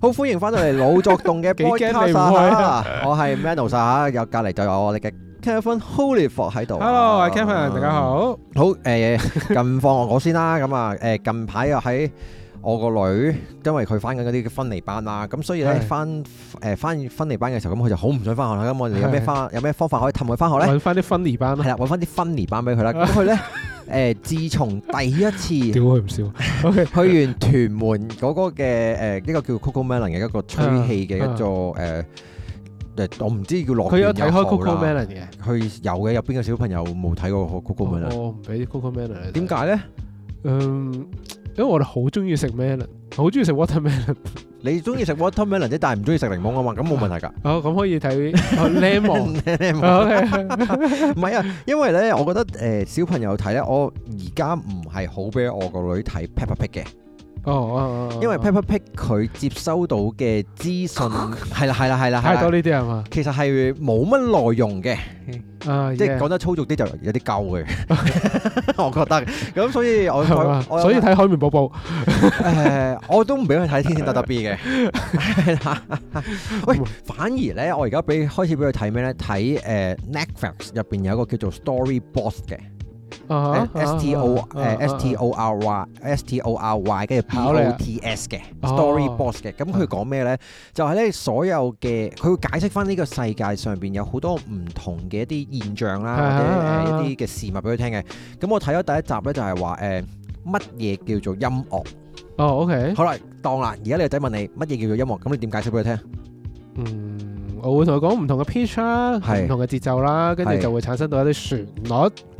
好，歡迎翻到嚟老作動嘅、 啊啊 Podcast 我係 Mano 沙，有隔籬就有我哋嘅 Kevin Holyford 喺度。Hello，係 Kevin，、uh, 大家好好。誒、欸，近況我先啦，咁啊，誒，近排又喺。我個女，因為佢返緊嗰啲分離班啦，咁所以咧返誒返分離班嘅時候，咁佢就好唔想返學啦。咁我哋有咩方有咩方法可以氹佢返學咧？揾返啲分離班啦。係啦，揾返啲分離班俾佢啦。咁佢咧誒，自從第一次屌佢唔少，去完屯門嗰個嘅誒一個叫 Coco Melon 嘅一個吹氣嘅一座誒誒，我唔知叫樂，佢有睇開 Coco Melon 嘅，佢有嘅有邊個小朋友冇睇過 Coco Melon？我唔俾 Coco Melon。點解咧？嗯。因為我哋好中意食咩咧？好中意食 watermelon。你中意食 watermelon，即係但係唔中意食檸檬啊嘛，咁冇問題噶、 哦。哦，咁可以睇 lemon，lemon。唔係啊，因為咧，我覺得誒、呃，小朋友睇咧，我而家唔係好俾我個女睇 Peppa Pig 嘅。哦，哦，因為 Papapick 佢接收到嘅資訊係啦係啦係啦，太多呢啲係嘛？其實係冇乜內容嘅，啊、即係講得粗俗啲就有啲鳩嘅，啊、 我覺得。咁 所以我，吧我所以睇《海綿寶寶》誒、 呃，我都唔俾佢睇《 天線得得 B》嘅、 哎。喂， 反而咧，我而家俾開始俾佢睇咩咧？睇誒、uh, Netflix 入邊有一個叫做 StoryBots 嘅。S T O 誒 S T O R Y S T O R Y 跟住 P O T S 嘅 Story Boss 嘅，咁佢講咩咧？就係咧所有嘅佢會解釋翻呢個世界上面有好多唔同嘅一啲現象啦，或者一啲嘅事物俾佢聽嘅。咁我睇咗第一集咧，就係話誒乜嘢叫做音樂。哦，OK。好啦，當啦，而家你個仔問你乜嘢叫做音樂，咁你點解釋俾佢聽？嗯，我會同佢講唔同嘅 pitch 啦，唔同嘅節奏啦，跟住就會產生到一啲旋律。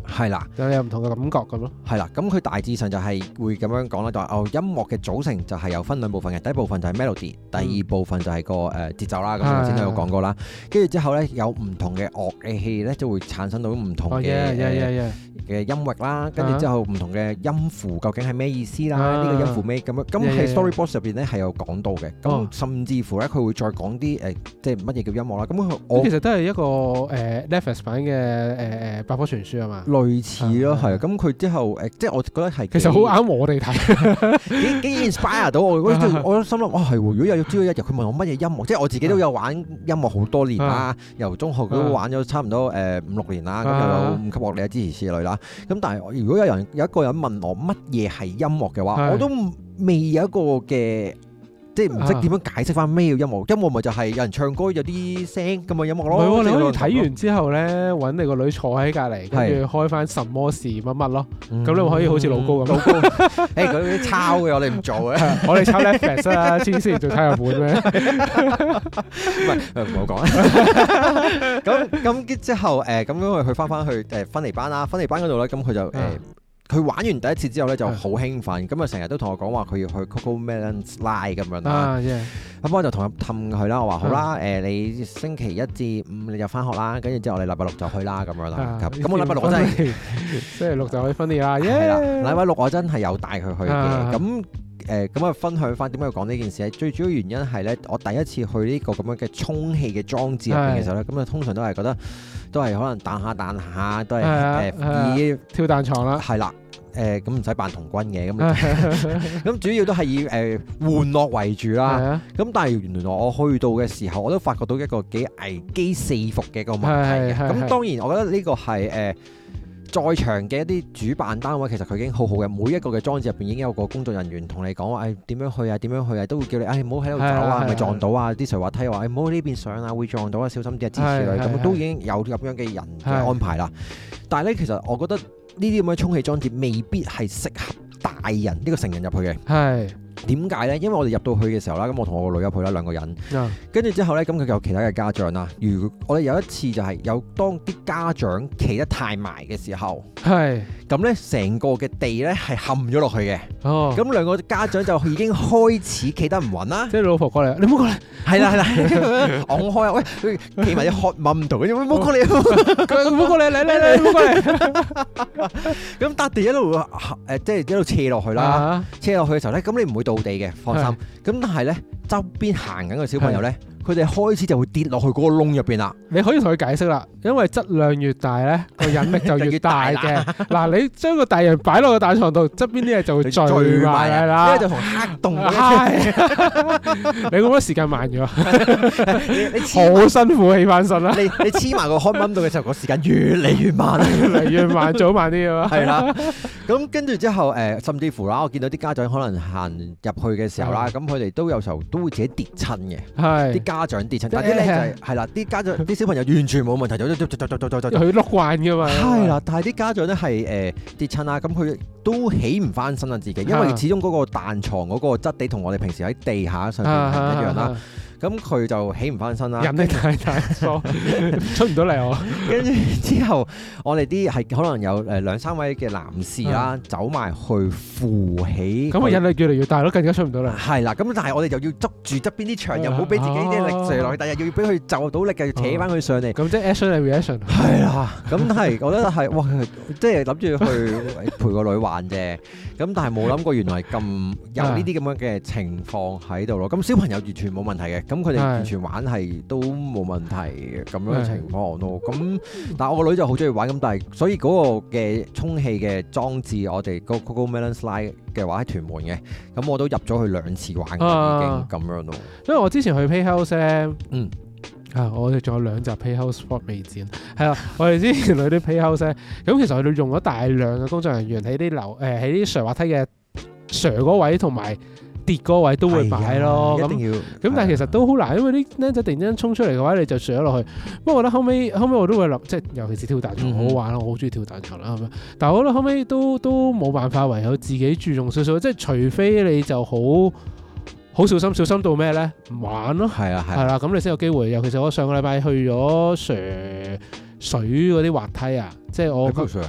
係啦，咁有唔同嘅感覺咁咯。係啦，咁佢大致上就係會咁樣講啦，就話哦，音樂嘅組成就係有分兩部分嘅，第一部分就係 melody，第二部分就係個誒節奏啦。咁頭先都有講過啦，跟住之後咧有唔同嘅樂器咧就會產生到唔同嘅嘅音域啦，跟住之後唔同嘅音符究竟係咩意思啦？呢個音符咩咁樣？咁喺 story box 入邊咧係有講到嘅，咁甚至乎咧佢會再講啲誒即係乜嘢叫音樂啦。咁佢其實都係一個誒 Netflix 版嘅誒誒百科全書啊嘛。類似咯，係啊，咁佢、嗯、之後誒、呃，即係我覺得係其實好啱我哋睇，幾 幾 inspire 到我。嗯、嗰陣我心諗，哦，係喎！如果有朝一日佢問我乜嘢音樂，即係我自己都有玩音樂好多年啦，嗯、由中學都玩咗差唔多誒五六年啦，咁有五級樂理啊、支持之類啦。咁但係如果有人有一個人問我乜嘢係音樂嘅話，嗯、我都未有一個嘅。即係唔識點樣解釋翻咩叫音樂？音樂咪就係有人唱歌，有啲聲咁嘅音樂咯。係、哦、你可以睇完之後咧搵你個女坐喺隔離，跟住開翻什麼事乜乜咯。咁是你咪可以好似老高咁、嗯嗯。老高，誒嗰啲抄嘅我哋唔做嘅，我哋、啊、抄 Netflix 啦、 啊，黐線做睇下本咩？唔係唔好講。咁咁 之後誒，咁、呃、樣佢佢翻翻去誒分、呃、離班啦，分離班嗰度咧，咁佢就誒。呃嗯佢玩完第一次之後咧就好興奮，咁啊成日都同我講話佢要去 Coco Melon Slide 咁、啊、樣啦，咁、啊、我就同佢氹佢啦。我話好啦，誒的、啊、你星期一至五你就翻學啦，跟住之後我哋禮拜六就去啦咁樣啦。咁我禮拜六真係 星期六就可以 Funia 啦，係啦，禮拜六我真係有帶佢去嘅。咁、啊。誒咁啊，分享翻點解要講呢件事咧？最主要原因係咧，我第一次去呢個咁樣嘅充氣嘅裝置入邊嘅時候咧，咁啊的通常都係覺得都係可能彈下彈下，都係的、呃、跳彈牀啦、嗯。係、嗯、啦，誒咁唔使扮童軍嘅咁，咁主要都係以誒、呃、玩樂為主啦。咁是的 但係原來我去到嘅時候，我都發覺到一個幾危機四伏嘅一個問題嘅。咁當然，我覺得呢個係誒。 在場嘅一啲主辦單位其實佢已經好好嘅，每一個嘅裝置入邊已經有個工作人員同你講話，誒、哎、點樣去啊，點樣去啊，都會叫你誒唔好喺度走啊，唔係是撞到啊，啲是水滑梯又話誒唔好喺呢邊上啊，會撞到啊，小心啲啊，支持你咁是都已經有咁樣嘅人嘅安排啦。是是但係咧，其實我覺得呢啲咁嘅充氣裝置未必係適合大人呢、呢個成人入去嘅。點解咧？因為我哋入到去嘅時候啦，咁我同我個女友去啦，兩個人，跟住之後咧，咁佢有其他嘅家長啦。如我哋有一次就係有當啲家長企得太埋嘅時候，係咁咧，成個嘅地咧係陷咗落去嘅。哦，咁兩個家長就已經開始企得唔穩啦。即係老婆過嚟，你唔好過嚟。係啦係啦，戇開啊！喂，企埋要喝冧到，你唔好過嚟，佢唔好過嚟，嚟嚟嚟，唔好過嚟。咁笪地一路誒，即係一路斜落去啦，斜落去嘅時候咧，咁你唔會。做地嘅，放心。咁是的 但係咧，周邊行緊嘅小朋友咧。佢哋開始就會跌落去嗰個窿入邊啦。你可以同佢解釋啦，因為質量越大咧，個引力就越大嘅。嗱，你將個大人擺落個大床度，側邊啲嘢就會聚埋啦。即係就同黑洞。係，你覺得時間慢咗？你好辛苦起翻身啦。你你黐埋個開門度嘅時候，個時間越嚟越慢，越嚟越慢，早慢啲啊嘛。係啦，咁跟住之後誒，甚至乎啦，我見到啲家長可能行入去嘅時候啦，咁佢哋都有時候都會自己跌親嘅。係，家長跌親，是但啲咧係係啦，啲的的家長啲小朋友完全冇問題，就就就就就就佢碌慣嘅嘛。係啦，但係啲家長咧係誒跌親啦，咁佢都起唔翻身啊自己，因為始終嗰個彈牀嗰個質地同我哋平時喺地下上邊係唔一樣啦。的咁佢就起唔翻身啦，引力太大，出唔到嚟我。跟住之後，我哋啲係可能有誒兩三位嘅男士啦，走埋去扶起，咁個引力越嚟越大咯，更加出唔到嚟。係啦，咁但係我哋又要捉住側邊啲牆，又唔好俾自己啲力墜落，第日又要俾佢就到力嘅，又要扯翻佢上嚟。咁即係 action and reaction。係啦，咁係，我覺得係，哇，即係諗住去陪個女玩啫，咁但係冇諗過原來係咁有呢啲咁樣嘅情況喺度咯。咁小朋友完全冇問題嘅。咁佢哋完全玩係都冇問題嘅咁樣嘅情況咯。咁是的 但係我個女就好中意玩咁，但係所以嗰個嘅充氣嘅裝置，我哋 Google melon slide 嘅話喺屯門嘅，咁我都入咗去兩次玩已經咁樣咯。因為我之前去 pay house 咧，嗯，啊，我哋仲有兩集 pay house part 未剪，係 啊，我哋之前嚟到 pay house，咁其實佢哋用咗大量嘅工作人員喺啲樓誒喺啲上滑梯嘅上嗰位同埋。跌個位都會擺咯，咁咁、哎、但係其實都好難，因為啲僆仔突然間衝出嚟嘅話，你就上落去。不過我覺得後尾後尾我都會諗，即係尤其是跳彈牀好玩，嗯、哼我好中意跳彈牀啦係咪？但係我覺得後尾都都冇辦法，唯有自己注重少少，即係除非你就好好小心小心到咩咧？唔玩咯。係啊係啦，咁、啊啊、你先有機會。尤其是我上個禮拜去咗上水嗰啲滑梯啊，即係我。是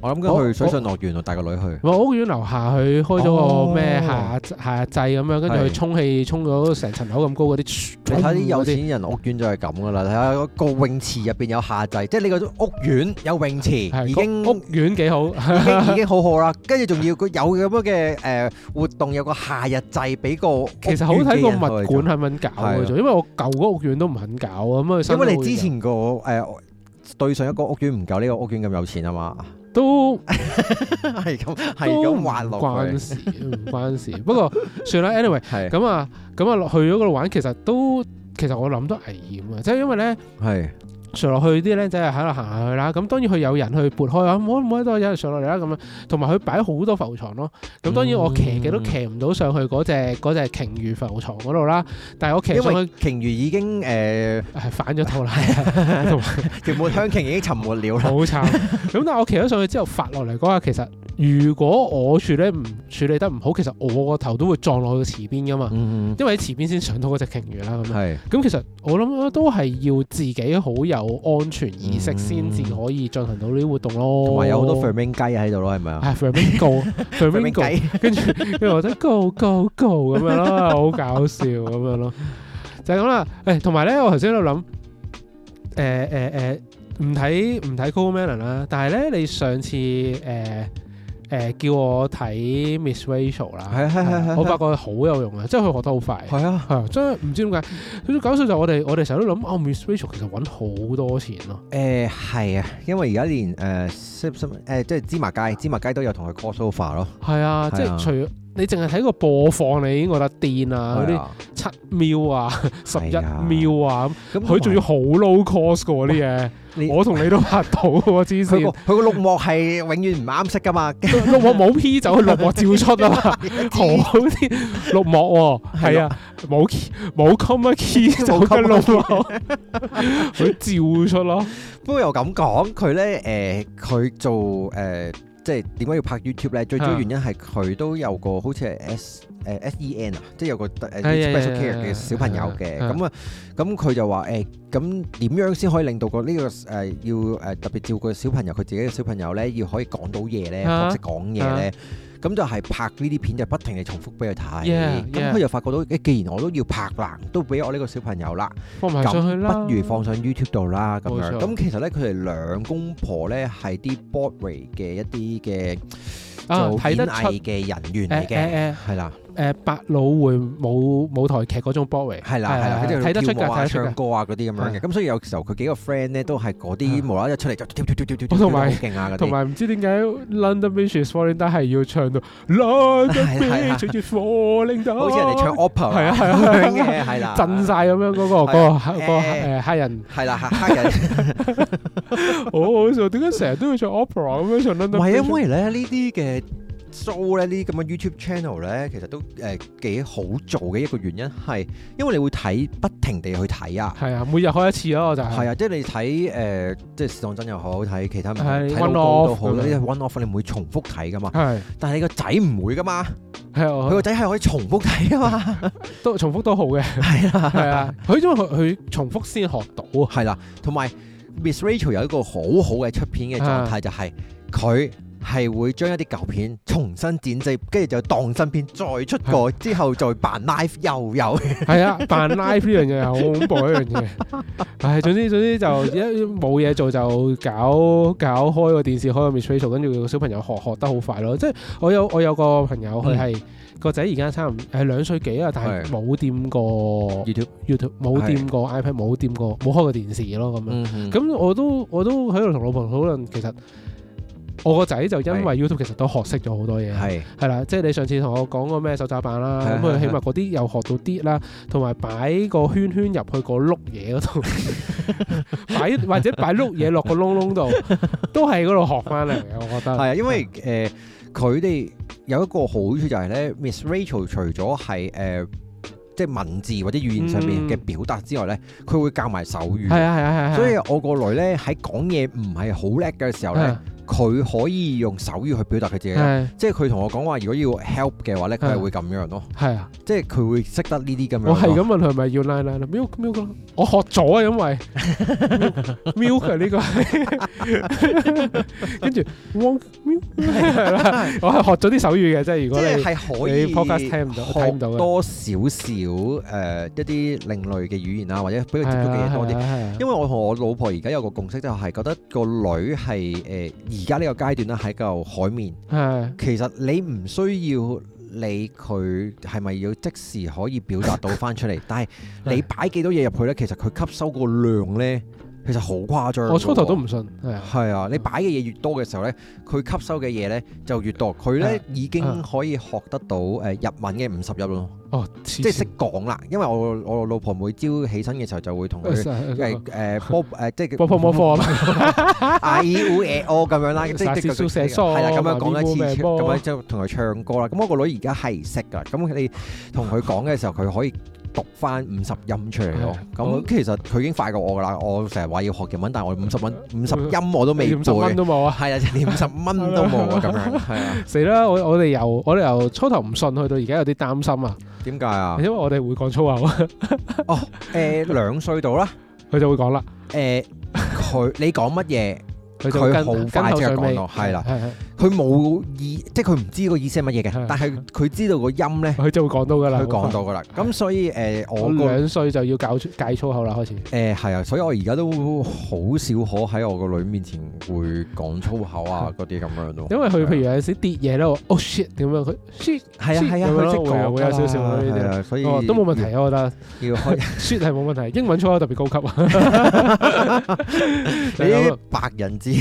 我諗緊去水上樂園啊，帶個女去。我屋苑樓下佢開咗個咩夏夏祭咁樣，跟住佢充氣充咗成層樓咁高嗰啲。你睇啲有錢人屋苑就係咁噶啦。睇下個泳池入邊有夏制，即係你個屋苑有泳池已經屋苑幾好，已經好好啦。跟住仲要佢有咁樣嘅誒活動，有個夏日制俾個。其實好睇個物管係咪搞？因為我舊嗰屋苑都唔肯搞咁。因為你之前個誒對上一個屋苑唔夠呢個屋苑咁有錢啊嘛。都係咁，都滑落去。關事，唔關事。不過算啦，anyway，咁啊係，咁啊、嗯嗯，去咗嗰度玩，其實都其實我諗都危險啊，即係因為咧。上落去啲靚仔啊喺度行下去啦，咁當然佢有人去撥開話冇冇得多有人上落嚟啦，咁樣，同埋佢擺好多浮牀咯，咁當然我騎嘅都騎唔到上去嗰隻嗰隻鯨魚浮牀嗰度啦，但係我騎因為佢鯨魚已經誒、呃、反咗頭啦， 全部香鯨已經沉沒了，了，好 慘。咁 但係我騎咗上去之後發落嚟嗰下其實下。如果我處理唔處理得唔好，其實我個頭都會撞落去個池邊噶嘛，因為喺池邊先上到嗰隻鯨魚啦。咁樣，咁其實我諗都係要自己好有安全意識先至可以進行到呢啲活動咯。同埋有好多 flamingo 雞喺度咯，係咪啊？係 flamingo flamingo，跟住跟住我哋 go go go 咁樣咯，好搞笑咁樣咯，就係咁啦。誒，同埋咧，我頭先喺度諗，誒誒誒，唔睇唔睇 coo man 啦，但係咧，你上次誒。誒叫我睇 Miss Rachel 啦，係係係，啊 uh, 我發覺佢好有用啊，即係佢學得好快。係啊，真係唔知點解。最搞笑就我哋我哋成日都諗哦 Miss Rachel 其實揾好多錢咯。誒係、呃、啊，因為而家連誒新即係芝麻街芝麻街都有同佢 cosplay 咯。係 啊，即係除咗……你淨係睇個播放，你已經覺得癲啊。嗰啲七秒啊，十一秒啊，咁佢仲要好 low cost 噶啲嘢。我同你都拍到喎之前。佢個綠幕係永遠唔啱色噶嘛。綠幕冇 P 就綠幕照出啊嘛。好啲綠幕喎，係啊，冇冇 comment key 就綠幕，佢照出咯。不過又咁講佢咧，誒，佢做誒。即係點解要拍 YouTube 咧？最主要原因係佢都有個好似係 S 誒 SEN 啊，即係有個誒 special care 嘅小朋友嘅咁啊。咁佢就話誒，咁、欸、點樣先可以令到，個呢個誒要誒特別照顧小朋友，佢自己嘅小朋友咧，要可以講到嘢咧，學識講嘢咧。啊啊啊咁就係拍呢啲片，就不停嚟重複俾佢睇。咁佢就發覺到，誒，Yeah. 既然我都要拍爛，都俾我呢個小朋友啦，放上去啦，咁不如放上 YouTube 度啦。咁樣，咁錯其實咧，佢哋兩公婆咧係啲 Broadway 嘅一啲嘅。啊！做演藝嘅人員嚟嘅，係啦，誒百老匯舞舞台劇嗰種 boy，係啦係啦，睇得出嘅，唱歌啊嗰啲咁樣嘅，咁所以有時候佢幾個 friend 咧都係嗰啲無啦一出嚟就跳跳跳跳跳跳，好勁啊！同埋唔知點解 London Bridge is falling down 係要唱到 London Bridge is falling down 好似人哋唱 opera，係啊係啊係啊，震晒咁樣嗰個歌，誒黑人係啦黑人。好好笑，點解成日都要唱 opera 咁樣唱 London？唔係因為咧呢啲嘅 show 咧呢啲咁嘅 YouTube channel 咧，其實都誒幾好做嘅一個原因係，因為你會睇不停地去睇啊。係啊，每日開一次咯，就係啊，即係你睇誒，即係視當真又好，睇其他唔睇，睇 one off 都好，呢啲 one off 你唔會重複睇噶嘛。但係你個仔唔會噶嘛。係佢個仔係可以重複睇噶嘛。都重複都好嘅。係啊，係啊，佢因為佢重複先學到係啦，同埋。Miss Rachel 有一個好好嘅出片嘅狀態，就是，就係佢係會將一啲舊片重新剪輯，跟住就當新片再出過，啊、之後再扮 live 又有又。係啊，扮 live 呢樣嘢好恐怖一樣嘢。唉， 總之總之就一冇嘢做就搞搞開個電視，開個 Miss Rachel，跟住個小朋友學學得好快咯。即係我有我有個朋友佢係。嗯個仔而家差唔多係兩歲幾啊，但係冇掂過 YouTube 冇掂過 iPad，冇掂過冇開過電視咯咁樣。咁、嗯、哼我都我都喺度同老婆討論，其實我個仔就因為 YouTube 其實都學識咗好多嘢。係係啦，即係你上次同我講個咩手抓板啦，咁佢的起碼嗰啲又學到啲啦，同埋擺個圈圈入去個碌嘢嗰度，擺 或者擺碌嘢落個窿窿度，都係嗰度學翻嚟嘅。我覺得係啊，因為誒。 嗯佢哋有一個好處就係咧，Miss Rachel 除咗係誒，即係文字或者語言上面嘅表達之外咧，佢、嗯、會教埋手語。係啊，係啊，係，啊啊所以我個女咧喺講嘢唔係好叻嘅時候咧。佢可以用手語去表達佢自己，即係佢同我講話，如果要 help 嘅話咧，佢係會咁樣咯。係啊，即係佢會識得呢啲咁樣。我係咁問佢係咪要奶奶啦？Milk milk 咯，我學咗啊，因為 milk 係呢個。跟住，我係學咗啲手語嘅，即係如果你係可以聽唔到，睇唔到多少少誒一啲另類嘅語言啊，或者俾佢接觸嘅嘢多啲。因為我同我老婆而家有個共識，就係覺得個女係誒。而家呢個階段咧，喺個海面。是的 其實你唔需要你理佢係咪要即時可以表達到翻出嚟？ 是的 但係你擺幾多嘢入去呢？其實佢吸收個量呢。其實好誇張，我初頭都唔信。係啊，你擺嘅嘢越多嘅時候咧，佢吸收嘅嘢咧就越多。佢咧已經可以學得到誒日文嘅五十音咯。哦，即係識講啦。因為我我老婆每朝起身嘅時候就會同佢誒誒波誒，即係波波波波啊嘛。I will eat all 咁樣啦，即係即係寫疏。係啦，咁樣講一次，咁樣即係同佢唱歌啦。咁我個女而家係識噶。咁你同佢講嘅時候，佢可以。讀翻五十音出嚟咯，咁其實佢已經快過我噶啦。我成日話要學日文，但係我五十蚊五十音我都未背，五十蚊，都冇啊，係啊，連五十蚊都冇啊，咁樣係啊，死啦！我我哋由我哋由初頭唔信去到而家有啲擔心啊，點解啊？因為我哋會講粗口啊。哦，誒，兩歲度啦，佢就會講啦。誒，佢你講乜嘢，佢好快即係講咯，係佢冇意，即係佢唔知個意思係乜嘢嘅，但係佢知道個音咧，佢就會講到㗎喇。佢講到㗎喇。咁所以誒，我兩歲就要教齋粗口啦，開始。誒係啊，所以我而家都好少可喺我個女面前會講粗口啊，嗰啲咁樣咯。因為佢譬如有時跌嘢咧，哦 shit 點樣，佢 shit 係啊係啊，佢即係會有少少係啊，所以都冇問題，我覺得。要開 shit 係冇問題，英文粗口特別高級啊！你白人知。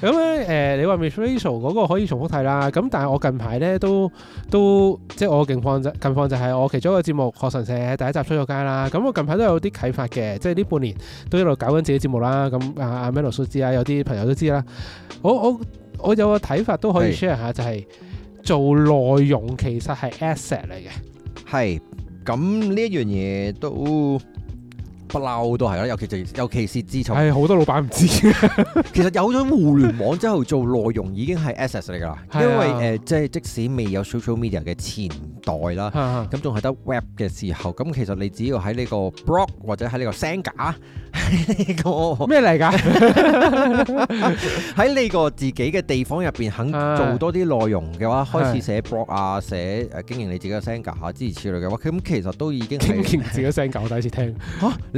咁咧，誒、嗯呃，你話咪 Miss Rachel 嗰個可以重複睇啦。咁，但係我近排咧都都即係我嘅近況就近況就係我其中一個節目《學神社》第一集出咗街啦。咁、嗯、我近排都有啲啟發嘅，即係呢半年都一路搞緊自己節目啦。咁阿阿 Melo 所知啊，啊知有啲朋友都知啦。我我我有個睇法都可以 share 下，是就係做內容其實係 asset 嚟嘅。係，咁呢一樣嘢都。不嬲都係咯，尤其就尤其是自從。係好多老闆唔知。其實有咗互聯網之後，做內容已經係 assets 嚟㗎啦。 因為誒，即係即使未有 social media 嘅前代啦，咁仲係得 web 嘅時候，咁其實你只要喺呢個 blog 或者喺呢個 s e n g e r 喺呢個咩嚟㗎？喺呢個自己嘅地方入邊肯做多啲內容嘅話，開始寫 blog 啊，寫誒經營你自己嘅 s e n g e r 啊，諸如此類嘅話，咁其實都已經經營自己嘅 s e n g e r。我第一次聽嚇。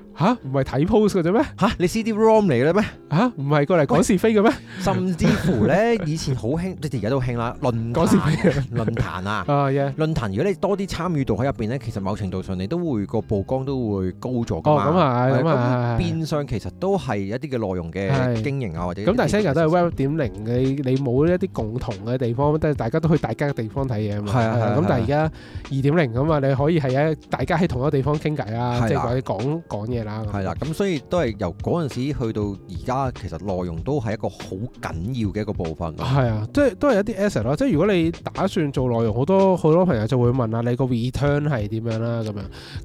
吓唔係睇 post 嘅啫咩？吓你 CD-ROM 嚟嘅咩？吓唔係過嚟講是非嘅咩？甚至乎咧，以前好興，即係而家都興啦，論壇。論壇啊，啊 yeah！論壇如果你多啲參與度喺入邊咧，其實某程度上你都會個曝光都會高咗噶嘛。哦咁啊，咁啊，變相其實都係一啲嘅內容嘅經營啊，或者咁。但係 Sina 都係 Web 點零，你你冇一啲共同嘅地方，都係大家都去大家嘅地方睇嘢啊嘛。係啊係啊。咁但係而家二點零咁啊，你可以係喺大家喺同一個地方傾偈啊，即係或者講講嘢。係啦，係啦，咁所以都係由嗰陣時去到而家，其實內容都係一個好緊要嘅一個部分。係啊，asset, 即係都係一啲 asset 咯。即係如果你打算做內容，好多好多朋友就會問啊，你個 return 係點樣啦咁樣。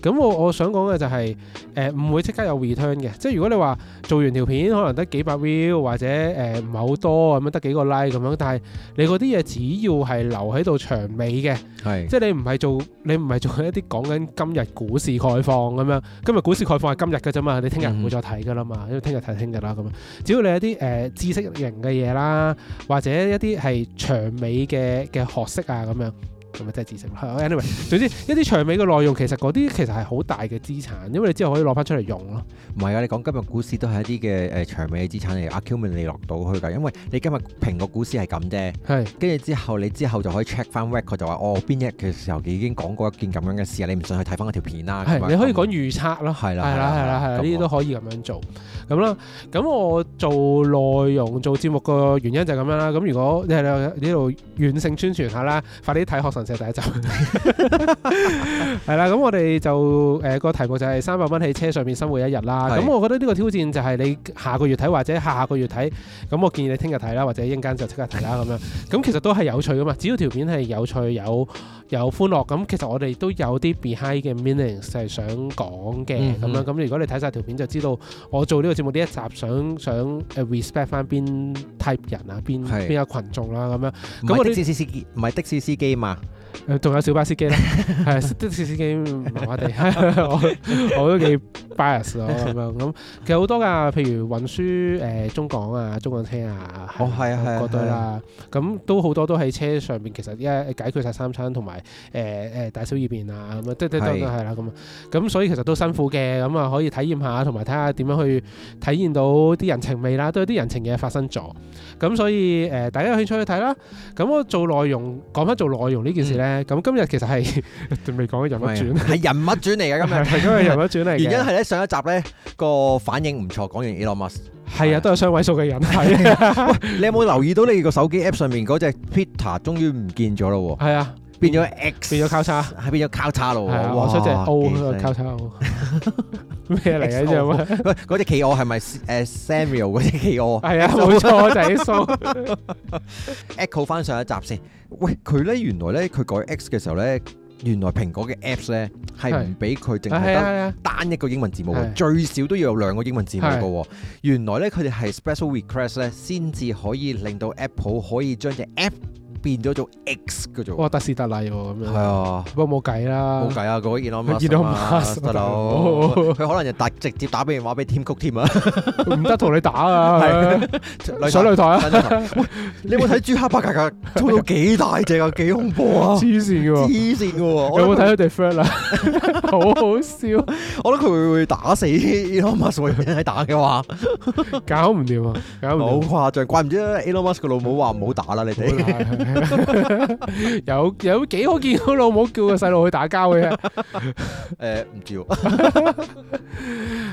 咁我我想講嘅就係、是，誒、呃、唔會即刻有 return 嘅。即係如果你話做完條片可能得幾百 view 或者誒唔係好多咁樣得幾個 like 咁樣，但係你嗰啲嘢只要係留喺度長尾嘅，係的，即係你唔係做你唔係做一啲講緊今日股市開放咁樣，今日股市開放係今今日嘅啫嘛，你聽日唔會再睇噶啦嘛，因為聽日睇聽日啦咁。只要你有啲誒、呃、知識型嘅嘢啦，或者一啲係長尾嘅嘅學識啊咁樣。咁咪真係知識咯。Anyway，總之一啲長尾嘅內容，其實嗰啲其實係好大嘅資產，因為你之後可以攞翻出嚟用咯。唔係啊，你講今日股市都係一啲嘅誒長尾嘅資產嚟，Acumen，你落到去㗎？因為你今日評個股市係咁啫，係跟住之後你之後就可以 check 翻 w h c 佢就話哦，邊日嘅時候已經講過一件咁樣嘅事啊，你唔想去睇翻嗰條片啦。係，你可以講預測咯，係啦，係啦，係啦，係呢啲都可以咁樣做咁啦。咁、啊啊、我做內容做節目嘅原因就咁樣啦。咁如果你係呢度軟性宣傳下啦，快啲睇學神。 就第一集，係、呃、啦，咁我哋就誒個題目就係三百蚊喺車上面生活一日啦。咁的我覺得呢個挑戰就係你下個月睇或者下下個月睇，咁我建議你聽日睇啦，或者一陣間就即刻睇啦咁樣。咁其實都係有趣噶嘛，只要條片係有趣有。有歡樂咁，其實我哋都有啲 behind 嘅 meanings 就係想講嘅，咁樣。咁如果你睇晒條片就知道，我做呢個節目呢一集想想誒 respect 翻邊 type 人啊，邊邊有群眾啦咁樣。咁我的士司唔係的士司機嘛。仲有小巴司機啦，係的士司機麻麻哋， 我我都幾 bias 咯咁樣咁，其實好多噶，譬如運輸誒、呃、中港啊、中港車啊，係啊、哦，係啊、嗯，係啦，咁是都好多都喺車上邊，其實而家解決晒三餐同埋誒誒大小二便啊，咁啊，即即當然係啦咁咁所以其實都辛苦嘅，咁啊可以體驗下，同埋睇下點樣去體驗到啲人情味啦，都有啲人情嘢發生咗，咁所以誒、呃、大家有興趣去睇啦，咁我做內容講翻做內容呢件事咧。嗯。咁今日其實係仲未講緊人物轉，係人物轉嚟嘅。今日係因為人物轉嚟嘅，原因係咧上一集咧個反應唔錯，講完 Elon Musk 係啊，啊都有雙位數嘅人。係、啊， 你有冇留意到你個手機 app 上面嗰隻 Twitter 終於唔見咗咯？係啊。變咗 X，變咗交叉，係變咗交叉咯。係黃色只 O 交叉 O，咩嚟嘅呢？只喂，嗰隻企鵝係咪誒 Samuel 嗰隻企鵝？係啊，冇錯就係。Echo 翻上一集先，喂佢咧原來咧佢改 X 嘅時候咧，原來蘋果嘅 Apps 咧係唔俾佢淨係得單一個英文字母，最少都要有兩個英文字母嘅。原來咧佢哋係 Special Request 咧先至可以令到 Apple 可以將隻 App 變咗做 X 叫做，哇！特事特例喎，咁樣。係啊。不過冇計啦，冇計啊！佢可以 Elon Musk 啊，得佢可能就直接打俾人，話俾 Tim Cook 添啊。唔得，同你打啊！啊，嚟水擂台啊！你有冇睇朱克伯格，搞到幾大隻啊？幾恐怖啊！黐線嘅，黐線嘅。有冇睇佢 friend 啊？好好笑。我諗佢會打死 Elon Musk 所有人喺打嘅話，搞唔掂啊！搞唔好誇張，怪唔之啦 Elon Musk 個老母話唔好打啦，你哋。 有有幾好見到老母叫個細路去打交嘅，誒 唔、呃、知喎，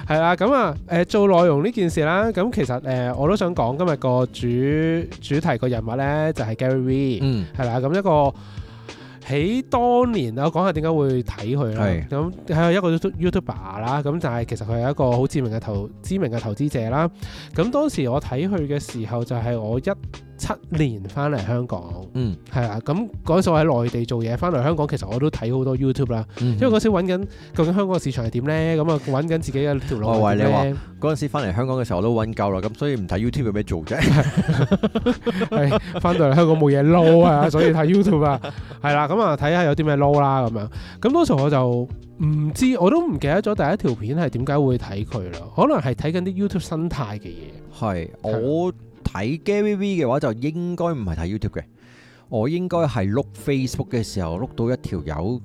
係 啦， 咁啊，誒、呃、做內容呢件事啦，咁其實誒、呃、我都想講今日個主主題個人物咧就係、是、Gary Vee，嗯，係啦，咁一個喺當年啦，我講下點解會睇佢啦，係咁係一個 YouTuber 啦、就是，咁但係其實佢係一個好知名嘅投知名嘅投資者啦，咁當時我睇佢嘅時候就係我一。七年翻嚟香港，嗯，係啊，咁嗰陣時我喺內地做嘢，翻嚟香港，其實我都睇好多 YouTube 啦，嗯、哼因為嗰時搵緊究竟香港市場係點咧，咁啊搵緊自己嘅條路喂，我話你話嗰陣時翻嚟香港嘅時候，我都搵夠啦，咁所以唔睇 YouTube 有咩做啫？係翻到嚟香港冇嘢撈啊，所以睇 YouTube 啊，係啦，咁啊睇下有啲咩撈啦咁樣。咁當時我就唔知，我都唔記得咗第一條片係點解會睇佢啦，可能係睇緊啲 YouTube 生態嘅嘢。係的我。睇 Gary V 嘅話就應該唔係睇 YouTube 嘅，我應該係碌 Facebook 嘅時候碌到一條友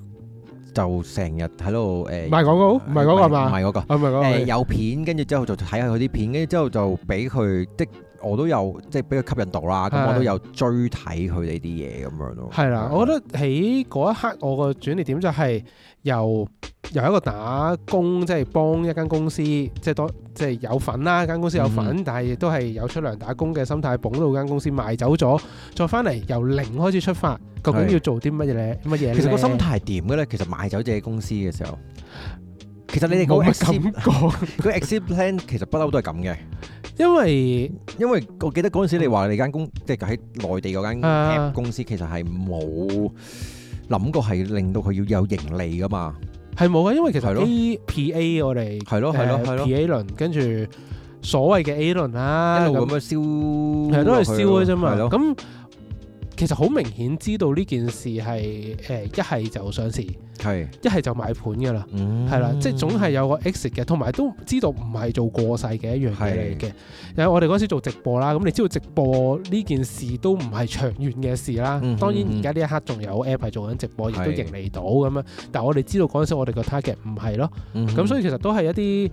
就成日喺度誒。唔係廣告，唔係嗰個係嘛？唔係嗰個，係嗰、嗯個,嗰個。誒有片，跟住之後就睇下佢啲片，跟住之後就俾佢即我都有即係俾佢吸引到啦。咁的我都有追睇佢哋啲嘢咁樣咯。係啦的，嗯、我覺得喺嗰一刻我個轉捩點就係由由一個打工即係、就是、幫一間公司即係當。就是多即係有份啦，間公司有份，但係亦都係有出糧打工嘅心態，捧到間公司賣走咗，再翻嚟由零開始出發，究竟要做啲乜嘢咧？乜嘢咧？其實個心態係點嘅咧？其實賣走自己公司嘅時候，其實你哋講乜感覺？佢 exit plan 其實不嬲都係咁嘅，因為因為我記得嗰陣時你話你間公即係喺內地嗰間 app 公司，其實係冇諗過係令到佢要有盈利㗎嘛。係冇㗎，因為其實 A、P、A 我哋係咯係咯係咯 P、uh, PA 輪 A 輪，跟住所謂嘅 A 輪啦，一路咁樣燒，係那都係燒嘅啫嘛，咁的。的其實好明顯知道呢件事係誒一係就上市，係一係就買盤嘅啦，係、嗯、啦，即係總係有個 exit 嘅，同埋都知道唔係做過世嘅一樣嘢嚟嘅。有是我哋嗰陣時做直播啦，咁你知道直播呢件事都唔係長遠嘅事啦。嗯哼，嗯哼，當然而家呢一刻仲有 app 係做緊直播，亦都盈利到咁樣。是但係我哋知道嗰陣時我哋個 target 唔係咯，咁、嗯、哼所以其實都係一啲。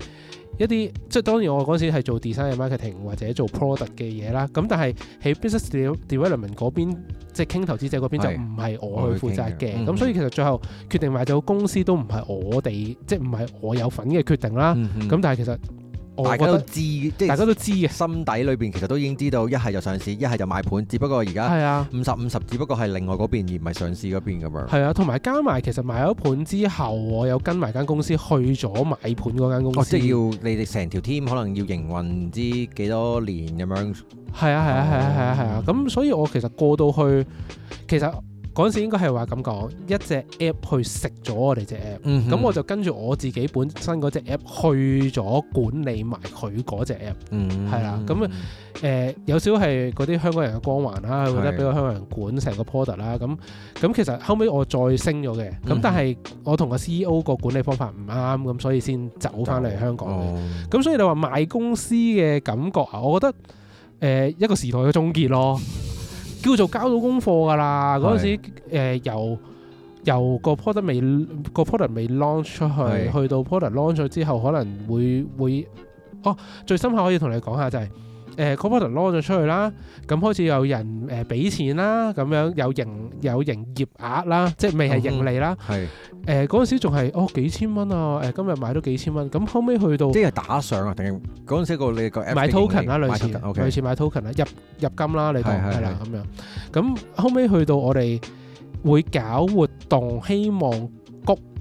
一啲即係當然，我嗰陣時係做 design marketing 或者做 product 嘅嘢啦。咁但係喺 business development 嗰邊，即係傾投資者嗰邊是就唔係我，我去負責嘅。咁、嗯、所以其實最後決定埋咗公司都唔係我哋，即係唔係我有份嘅決定啦。咁、嗯、哼但係其實。大家都知，即係大家都知嘅，心底裏邊其實都已經知道，一係就上市，一係就買盤。只不過而家五十五十，50, 50只不過係另外嗰邊而唔係上市嗰邊咁樣。係啊，同埋加埋，其實買咗盤之後，我有跟埋間公司去咗買盤嗰間公司。哦，即係要你哋成條 team 可能要營運唔知幾多年咁樣。係啊，係啊，係啊，係啊，係啊，咁、啊啊啊、所以我其實過到去，其實。嗰陣時應該係話咁講，一隻 app 去食咗我哋隻 app，咁我就跟住我自己本身嗰隻 app 去咗管理埋佢嗰隻 app，係啦，咁誒、嗯哼呃、有少係嗰啲香港人嘅光環啦，佢覺得俾個香港人管成個 product 啦，咁咁的其實後尾我再升咗嘅，咁、嗯、哼但係我同個 CEO 個管理方法唔啱，咁所以先走翻嚟香港嘅，咁、哦、所以你話賣公司嘅感覺啊，我覺得誒、呃、一個時代嘅終結咯。叫做交到功課㗎啦！嗰陣是的 時、呃，由由個 product 未、個 product 未 launch 出去，是的 去到 product launch 咗之後，可能會會哦，最深刻可以同你講下就係、是。誒 c o 攞咗出去啦，咁開始有人誒俾錢啦，咁樣有營有營業額啦，即係未係盈利啦。係、哦、誒，嗰陣時仲係哦幾千蚊啊，誒今日買到幾千蚊，咁後尾去到即係打賞啊，定係嗰陣時個你個買 token 啊，類似 token、okay. 類似買 token 啊，入入金啦，你講係啦咁樣，咁後尾去到我哋會搞活動，希望。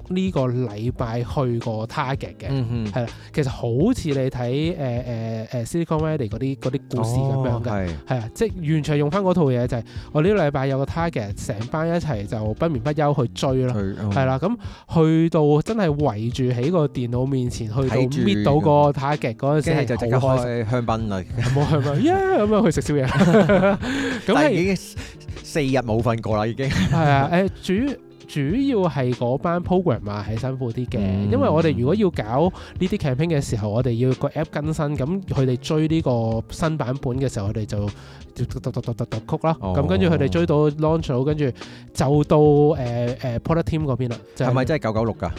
呢個禮拜去過 target 嘅，係啦、mm hmm.，其實好似你睇誒誒、呃、誒、呃、Silicon Valley 嗰啲啲故事咁樣㗎，係啊、哦，即係完全用翻嗰套嘢就係、是，我呢個禮拜有個 target，成班一齊就不眠不休去追咯，係啦，咁、嗯、去到真係圍住喺個電腦面前，去到搣到個 target 嗰陣時就冇、嗯嗯 yeah! 去香檳嚟，冇去呀咁樣去食宵夜？咁係已經四日冇瞓過啦，已經係啊，誒主 已。主要係嗰班 programmer 啊，係辛苦啲嘅，嗯、因為我哋如果要搞呢啲 campaign 嘅時候，我哋要個 app 更新，咁佢哋追呢個新版本嘅時候，我哋就。曲啦，咁跟住佢哋追到 launch 跟住就到誒誒 product team 嗰邊啦。係、就、咪、是、真係九九六㗎？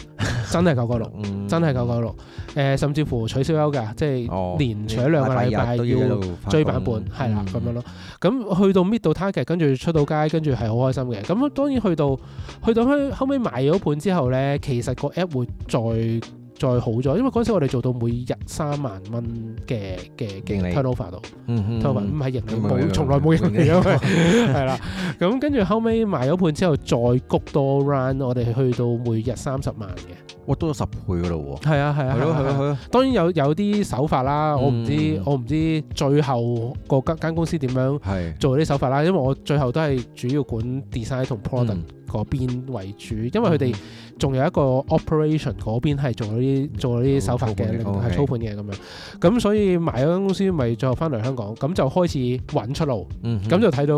真係九九六，真係九九六。誒，甚至乎取消休㗎，即係連取咗兩個禮拜、哦、要追版本，係啦咁樣咯。咁去到 meet 到 target，跟住出到街，跟住係好開心嘅。咁當然去到去到去後尾買咗盤之後咧，其實個 app 會再。再好咗，因為嗰陣時我哋做到每日三萬蚊嘅嘅嘅 turnover，度，推唔係盈利冇，嗯、哼從來冇盈利啊，係啦、嗯哼，咁跟住後尾賣咗盤之後再，再谷多 run，我哋去到每日三十萬嘅。我多咗十倍噶咯喎！係啊，係啊，係咯，係咯，係咯！當然有有啲手法啦，我唔知我唔知最後個間間公司點樣做啲手法啦。因為我最後都係主要管 design 同 product 嗰邊為主，因為佢哋仲有一個 operation 嗰邊係做咗啲做咗啲手法嘅，係操盤嘅咁樣。咁所以賣咗間公司，咪最後翻嚟香港，咁就開始揾出路。咁就睇到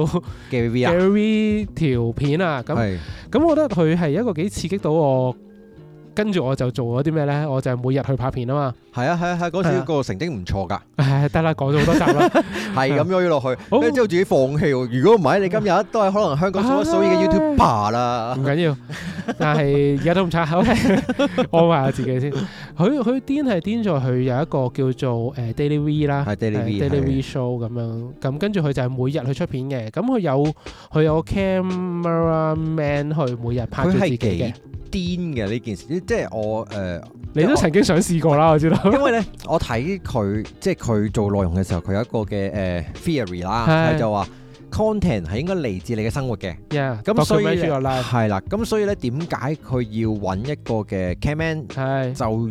Gary V 條片啊。咁咁，我覺得佢係一個幾刺激到我。跟住我就做咗啲咩咧？我就每日去拍片啊嘛。係啊係啊，嗰時個成績唔錯噶。得啦，講咗好多集啦，係咁樣要落去。好，即係自己放棄。如果唔係，你今日都係可能香港數一數二嘅 YouTuber 啦。唔緊要，但係而家都唔差。安慰下自己先。佢佢癲係癲在佢有一個叫做誒 Daily V 啦，Daily V Daily V Show 咁樣。咁跟住佢就係每日去出片嘅。咁佢有佢有 camera man 去每日拍住自己嘅。癲嘅呢件事，即係我誒，呃、你都曾經我想試過啦，我知道。因為咧， 我睇佢即係佢做內容嘅時候，佢有一個嘅誒、呃、theory 啦，佢是的 就話 content 係應該嚟自你嘅生活嘅，咁 Yeah, 所以係啦，咁 Doctor Man, 所以咧點解佢要揾一個嘅 cameraman 是的 就？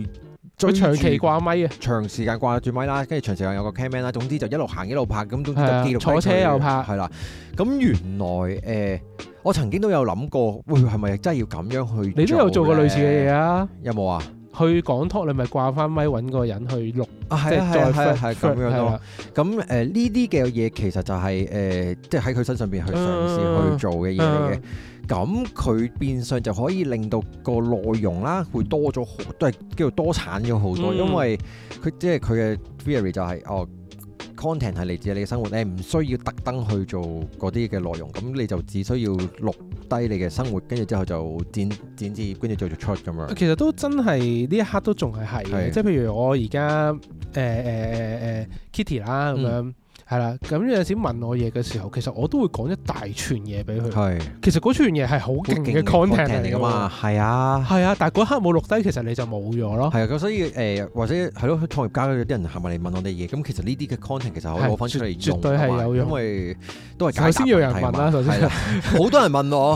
再長期掛咪啊！長時間掛住咪啦，跟住長時間有個 cameraman 啦，總之就一路行一路拍咁，都記錄坐車又拍，係啦。咁原來誒、呃，我曾經都有諗過，會係咪真係要咁樣去？你都有做過類似嘅嘢啊？有冇啊？去講 talk 你掛咪掛翻咪搵個人去錄啊？係係係係咁樣咯。咁誒呢啲嘅嘢其實就係、是、誒，即係喺佢身上邊去嘗試去做嘅嘢嚟嘅。嗯啊嗯咁佢變相就可以令到個內容啦，會多咗好，都係叫做多產咗好多。嗯、因為佢即係佢嘅 theory 就係、是、哦，content 係嚟自你嘅生活，你唔需要特登去做嗰啲嘅內容，咁你就只需要錄低你嘅生活，跟住之後就剪剪接，跟住做做 cut 咁樣。其實都真係呢一刻都仲係係即係譬如我而家誒誒誒 Kitty 啦咁、嗯、樣。係啦，咁有陣時問我嘢嘅時候，其實我都會講一大串嘢俾佢。係的，其實嗰串嘢係好勁嘅 content 嚟㗎嘛。係啊，係啊，但係嗰刻冇錄低，其實你就冇咗咯。係啊，咁所以誒、呃，或者係咯，創業家嗰啲人行埋嚟問我哋嘢，咁其實呢啲嘅 content 其實我冇攞翻出嚟用絕。絕對係有因為都係首先要有人問啦、啊。首先的，好 多人問我，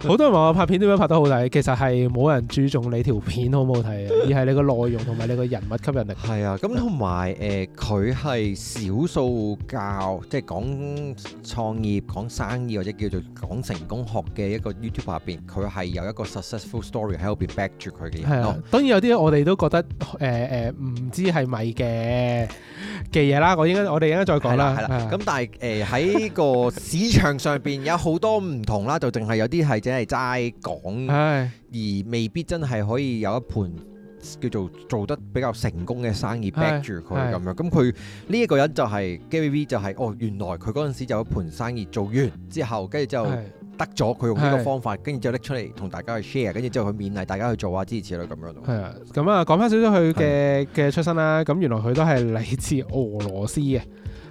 好， 多人問我拍片點樣拍得好睇？其實係冇人注重你條片好唔好睇而係你個內容同埋你個人物吸引力。係啊，咁同埋誒，佢係少數教即係講創業、講生意或者叫做講成功學嘅一個 YouTube 入邊，佢係有一個 successful story 喺嗰邊 back 住佢嘅人咯。的哦、當然有啲我哋都覺得誒誒，唔、呃呃、知係咪嘅嘅嘢啦。我應該我哋應,應該再講啦。係啦，咁的的、嗯、但係誒喺個市場上邊有好多唔同啦， 就淨係有啲係只係齋講，的而未必真係可以有一盤。叫做做得比較成功嘅生意 back 住佢咁樣，咁佢呢一個人就係 Gary V 就係、是、哦，原來佢嗰陣時就有一盤生意做完之後，跟住之後得咗，佢用呢個方法，的就跟住之後拎出嚟同大家去 share，跟住之後去勉勵大家去做啊，支持之類咁樣咯。係啊，咁啊講翻少少佢嘅嘅出身啦，咁的原來佢都係嚟自俄羅斯嘅。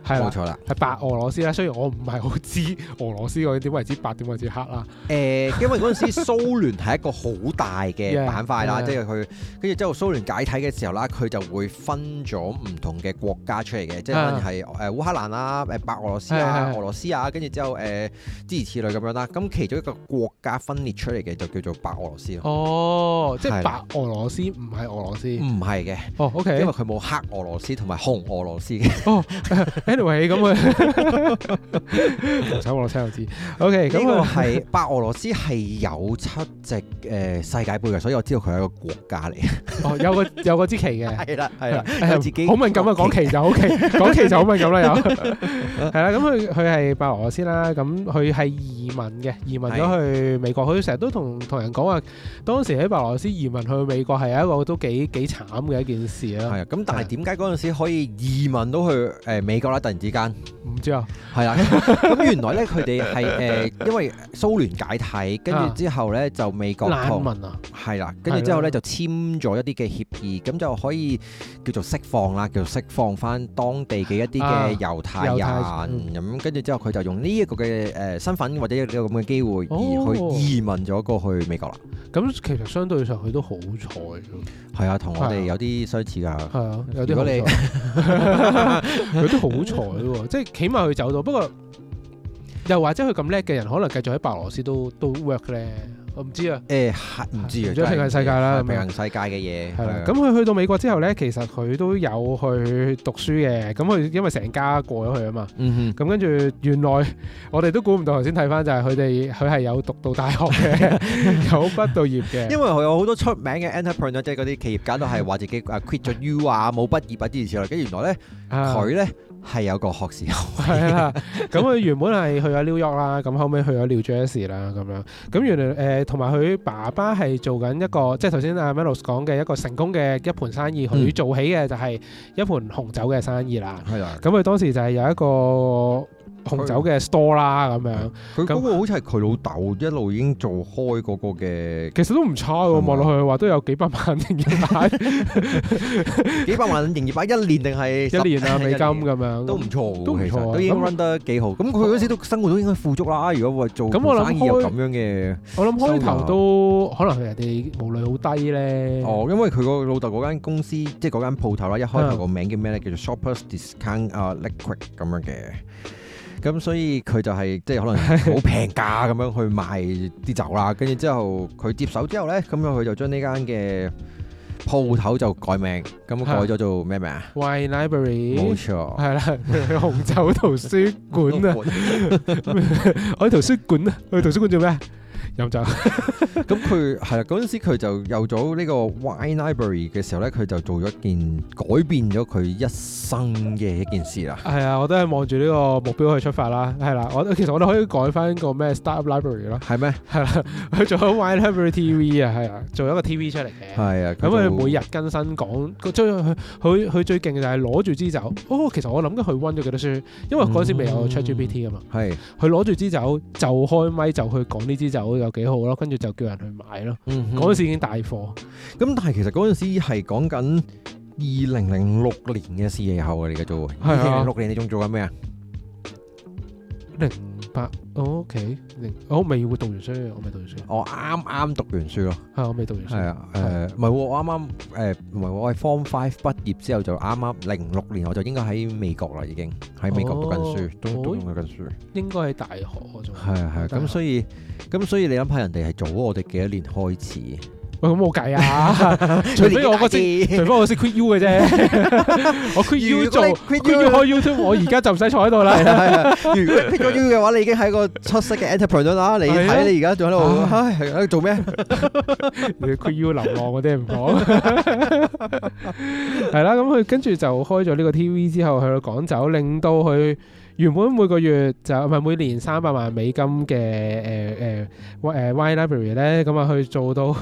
係冇錯啦，係白俄羅斯啦。雖然我唔係好知俄羅斯嗰啲點為之白，點為之黑啦。誒、呃，因為嗰陣時蘇聯係一個好大嘅板塊啦， yeah, yeah, 即係佢跟住之後蘇聯解體嘅時候啦，佢就會分咗唔同嘅國家出嚟嘅，即係係誒烏克蘭啦、啊、誒白俄羅斯啊、yeah, yeah. 俄羅斯啊，跟住之後誒諸、呃、如此類咁樣啦。咁其中一個國家分裂出嚟嘅就叫做白俄羅斯哦，oh, 吧即係白俄羅斯唔係俄羅斯？唔係嘅。哦、oh，OK。因為佢冇黑俄羅斯同埋紅俄羅斯嘅。Oh, Anyway，咁啊，俄羅斯俄羅斯，OK，呢個係白俄羅斯係有出席誒世界盃嘅，所以我知道佢係一個國家嚟。哦，有個有個支旗嘅，係啦係啦，係自己好敏感啊，講旗就好奇，講旗就好敏感啦，又係啦。咁佢佢係白俄羅斯啦，咁佢係移民嘅，移民咗去美國。佢成日都同同人講話，當時喺白俄羅斯移民去美國係一個都幾幾慘嘅一件事啊。係啊，咁但係點解嗰陣時可以移民到去誒美國啦？突然之間，唔知啊，係啦。咁原來咧，佢哋係誒，因為蘇聯解體，跟住之後咧，就美國難民啊，係啦。跟住之後咧，就簽咗一啲嘅協議，咁就可以叫做釋放啦，叫做釋放翻當地嘅一啲嘅猶太人。咁，跟住之後佢就用呢一個嘅誒身份或者呢個咁嘅機會而去移民咗過去美國啦。咁其實相對上佢都好彩嘅，係啊，同我哋有啲相似㗎。係啊，有啲如果好。台喎，即係起碼佢走到，不過又或者佢咁叻嘅人，可能繼續喺白俄羅斯都都 work 咧，我唔知啊。誒，唔知啊，即係世界啦，世界嘅嘢係啦。咁佢去到美國之後咧，其實佢都有去讀書嘅。咁佢因為成家過咗去啊嘛。嗯嗯。咁跟住原來我哋都估唔到，頭先睇翻就係佢哋佢係有讀到大學嘅，有畢到業嘅。因為佢有好多出名嘅 entrepreneur，即係嗰啲企業家都係話自己誒 quit 咗 U 啊，冇畢業啊啲嘢之類。跟住原來咧佢咧。係有個學士，係啦。咁佢原本係去咗 New York 啦，咁後尾去咗 New Jersey 啦，咁樣。咁原來誒，同埋佢爸爸係做緊一個，即係頭先阿 Melos 講嘅一個成功嘅一盤生意，佢、嗯、做起嘅就係一盤紅酒嘅生意啦。係啊。咁佢當時就係有一個。紅酒嘅 store 啦，咁樣佢嗰個好似係佢老豆一路已經做開嗰個嘅，其實都唔差喎。望落去話都有幾百萬營業額，幾百萬營業額一年定係一年啊美金，咁樣都唔錯，都唔錯，都已經 run 得幾好。咁佢嗰時都生活都應該富足啦。如果話做咁我諗開咁樣嘅，我諗開頭都可能人哋毛利好低咧。哦，因為佢個老豆嗰間公司即係嗰間鋪頭啦，一開頭個名叫咩咧？叫做 Shoppers Discount 啊 Liquid 咁樣嘅。咁所以佢就係即係可能好平價咁樣去賣啲酒啦，跟住之後佢接手之後咧，咁樣佢就將呢間嘅鋪頭就改名，咁改咗做咩名？uh, Why 啊 Wine Library 冇錯，係啦，紅酒圖書館啊，喺圖書館啊，去圖書館做咩？ 喝酒 有酒？咁佢係啦，嗰陣時佢就又咗呢個 Wine Library 嘅時候咧，佢就做咗件改變咗佢一生嘅一件事啦。係啊，我都係望住呢個目標去出發啦。係啦，我其實我都可以改翻個咩 Star Library 咯。係咩？係啦，佢嗎做咗 Wine Library TV 啊，係啦，做咗個 TV 出嚟嘅。係啊，咁佢每日更新講，佢佢佢最勁就係攞住支酒。哦，其實我諗緊佢溫咗幾多書，因為嗰陣時未有 ChatGPT 啊嘛。係、嗯，佢攞住支酒就開咪就去講呢支酒。有幾好咯，跟住就叫人去買咯。嗰陣、嗯、哼時已經帶貨，咁、嗯、但係其實嗰陣時係講緊二零零六年嘅事的。以後啊，而家做，二零零六年你仲做緊咩啊？八，OK，零，我未會讀完書，我未讀完書。我啱啱讀完書咯。係、啊，我未讀完書。係啊，誒、呃，唔係喎，我啱啱誒，唔係我係 Form Five 畢業之後就啱啱零六年我就應該喺美國啦，已經喺美國讀緊書，都讀緊書，讀書讀書應該喺大學嗰種。係啊係啊，咁所以咁所以你諗下人哋係早我哋幾多年開始？喂，咁冇計啊！除非我嗰次，除非我識 quit you 嘅啫，我 quit you 做，quit you 開 YouTube，我而家就唔使坐喺度啦。如果 quit 咗 U 嘅話，你已經係個出色嘅 entrepreneur 啦。你睇你而家仲喺度，唉喺度做咩？你 quit you 流浪我真係唔講。係啦，咁佢跟住就開咗呢個 TV 之後去講走，令到佢。原本每個月就唔係每年三百萬美金嘅誒誒誒 Wine Library 咧，咁啊去做到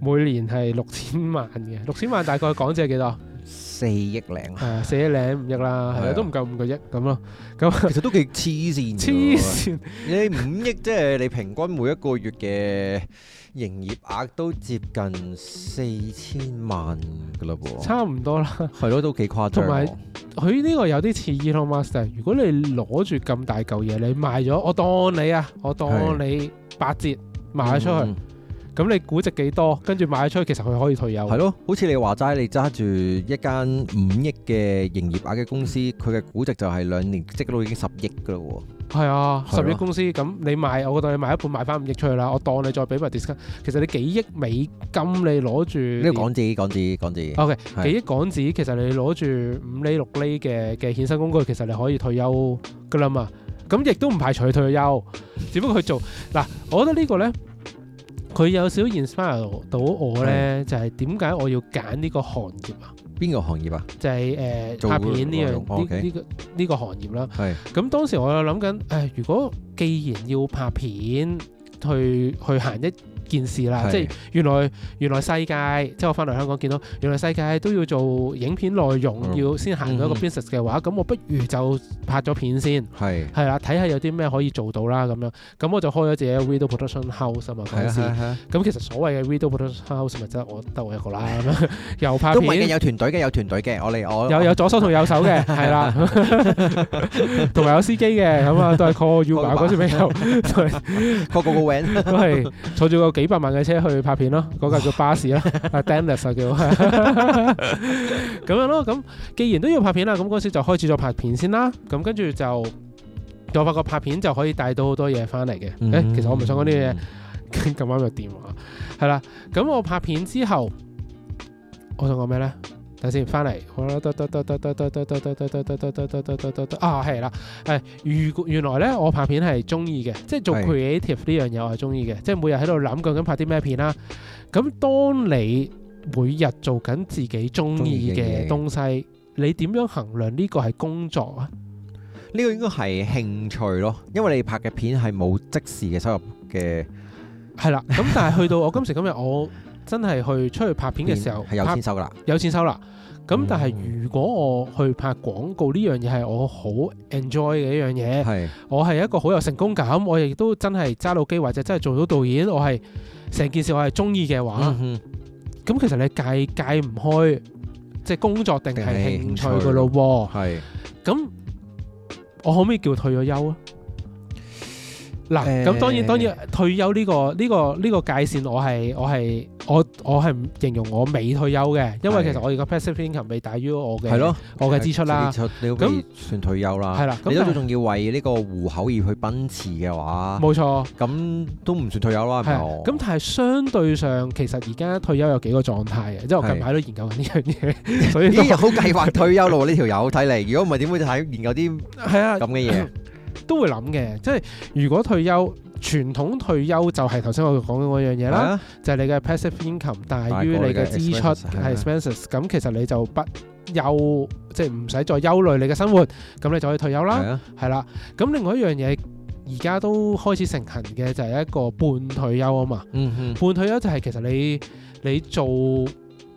每年係六千萬嘅，六千萬大概港紙係幾多？四多、呃？四億零啊，四億零五億啦，係呀都唔夠五個億咁咯。咁、嗯、其實都幾黐線黐線，你五億啫 你平均每一個月嘅。營業額都接近四千萬㗎啦噃，差唔多啦，係咯， 都幾誇張。同埋佢呢個有啲似 E-commerce 係如果你攞住咁大嚿嘢，你賣咗，我當你啊，我當你八折賣咗出去，咁的、嗯、你估值幾多？跟住賣咗出去，其實佢可以退休。係咯，好似你話齋，你揸住一間五億嘅營業額嘅公司，佢嘅估值就係兩年積到已經十億㗎喎。係啊，十億公司咁的你賣，我覺得你賣一半賣翻五億出去啦，我當你再俾埋 discount。其實你幾億美金你攞住，呢個港紙港紙港紙。港 O.K. 幾億港紙的其實你攞住五厘，厘、六厘嘅嘅衍生工具，其實你可以退休㗎啦嘛。咁亦都唔排除退休， 只不過佢做嗱，我覺得個呢個咧，佢有少少 inspire 到我咧，的就係點解我要揀呢個行業啊？邊個行業啊？就係、是、誒、呃、做 拍片呢樣呢個呢 Okay.、這個這個行業啦。係是，咁當時我就諗緊，誒、哎、如果既然要拍片，去去行一件事啦，即係原來原來世界，即係我翻嚟香港見到原來世界都要做影片內容，要先行咗一個 business 嘅話，咁我不如就拍咗片先，係係啦，睇下有啲咩可以做到啦咁樣，咁我就開咗自己嘅 video production house 啊嘛，嗰時，咁其實所謂嘅 video production house 咪即係我得我一個啦，咁樣，又拍都唔係嘅，有團隊嘅，有團隊嘅，我嚟我有有左手同右手嘅，係啦，同埋有司機嘅，咁啊都係 call Uber 嗰時咪又 call 個個 wing 都係坐住個。幾百萬嘅車去拍片咯，嗰架叫巴士啦，哇 啊 Dennis 啊叫，咁樣咯。咁既然都要拍片啦，咁嗰時就開始咗拍片先啦。咁跟住就又發覺拍片就可以帶到好多嘢翻嚟嘅。誒、嗯欸，其實我唔想講啲嘢，咁啱有電話，係啦。 咁 我拍片之後，我想講咩咧？睇先，翻嚟，好啦，得得得得得得得得得得得得得得得得得啊，係啦，係。如果原來咧，我拍片係中意嘅，即係做 creative 呢樣嘢，我係中意嘅，即係每日喺度諗，究竟拍啲咩片啦。咁當你每日做緊自己中意嘅東西，你點樣衡量呢個係工作啊？呢個應該係興趣咯，因為你拍嘅片係冇即時嘅收入嘅，係啦。咁但係去到我今時今日我。真係去出去拍片嘅時候係有錢收㗎喇，咁但係如果我去拍廣告呢樣嘢係我好 enjoy 嘅一樣嘢，是我係一個好有成功感。我亦都真係揸到機或者真係做到導演，我係成件事我係中意嘅話，咁、嗯、哼其實你計計唔開即係工作定係興趣嘅咯喎。咁，是我可唔可以叫退咗休啊？嗱，咁、嗯、當然當然退休呢個呢個呢個界線我，我係我係我我係形容我未退休嘅，因為其實我而家 passive income 未大於我嘅，係咯的，我嘅支出啦，咁算退休啦，係啦、嗯。你都仲要為呢個戶口而去奔馳嘅話，冇錯，咁都唔算退休啦。係，咁但係相對上，其實而家退休有幾個狀態嘅，即係我近排都研究緊呢樣嘢，的 所以啲人好計劃退休咯。呢條友睇嚟，如果唔係點會睇研究啲係啊咁嘅嘢？都會諗嘅，即係如果退休，傳統退休就係頭先我講嗰樣嘢啦，啊、就係你嘅 passive income 大於你嘅支出係 s p e n d i s，咁其實你就不憂，即係唔使再憂慮你嘅生活，咁你就可以退休啦，係啦、啊。咁、啊、另外一樣嘢，而家都開始成行嘅就係一個半退休啊嘛，嗯、哼半退休就係其實你你做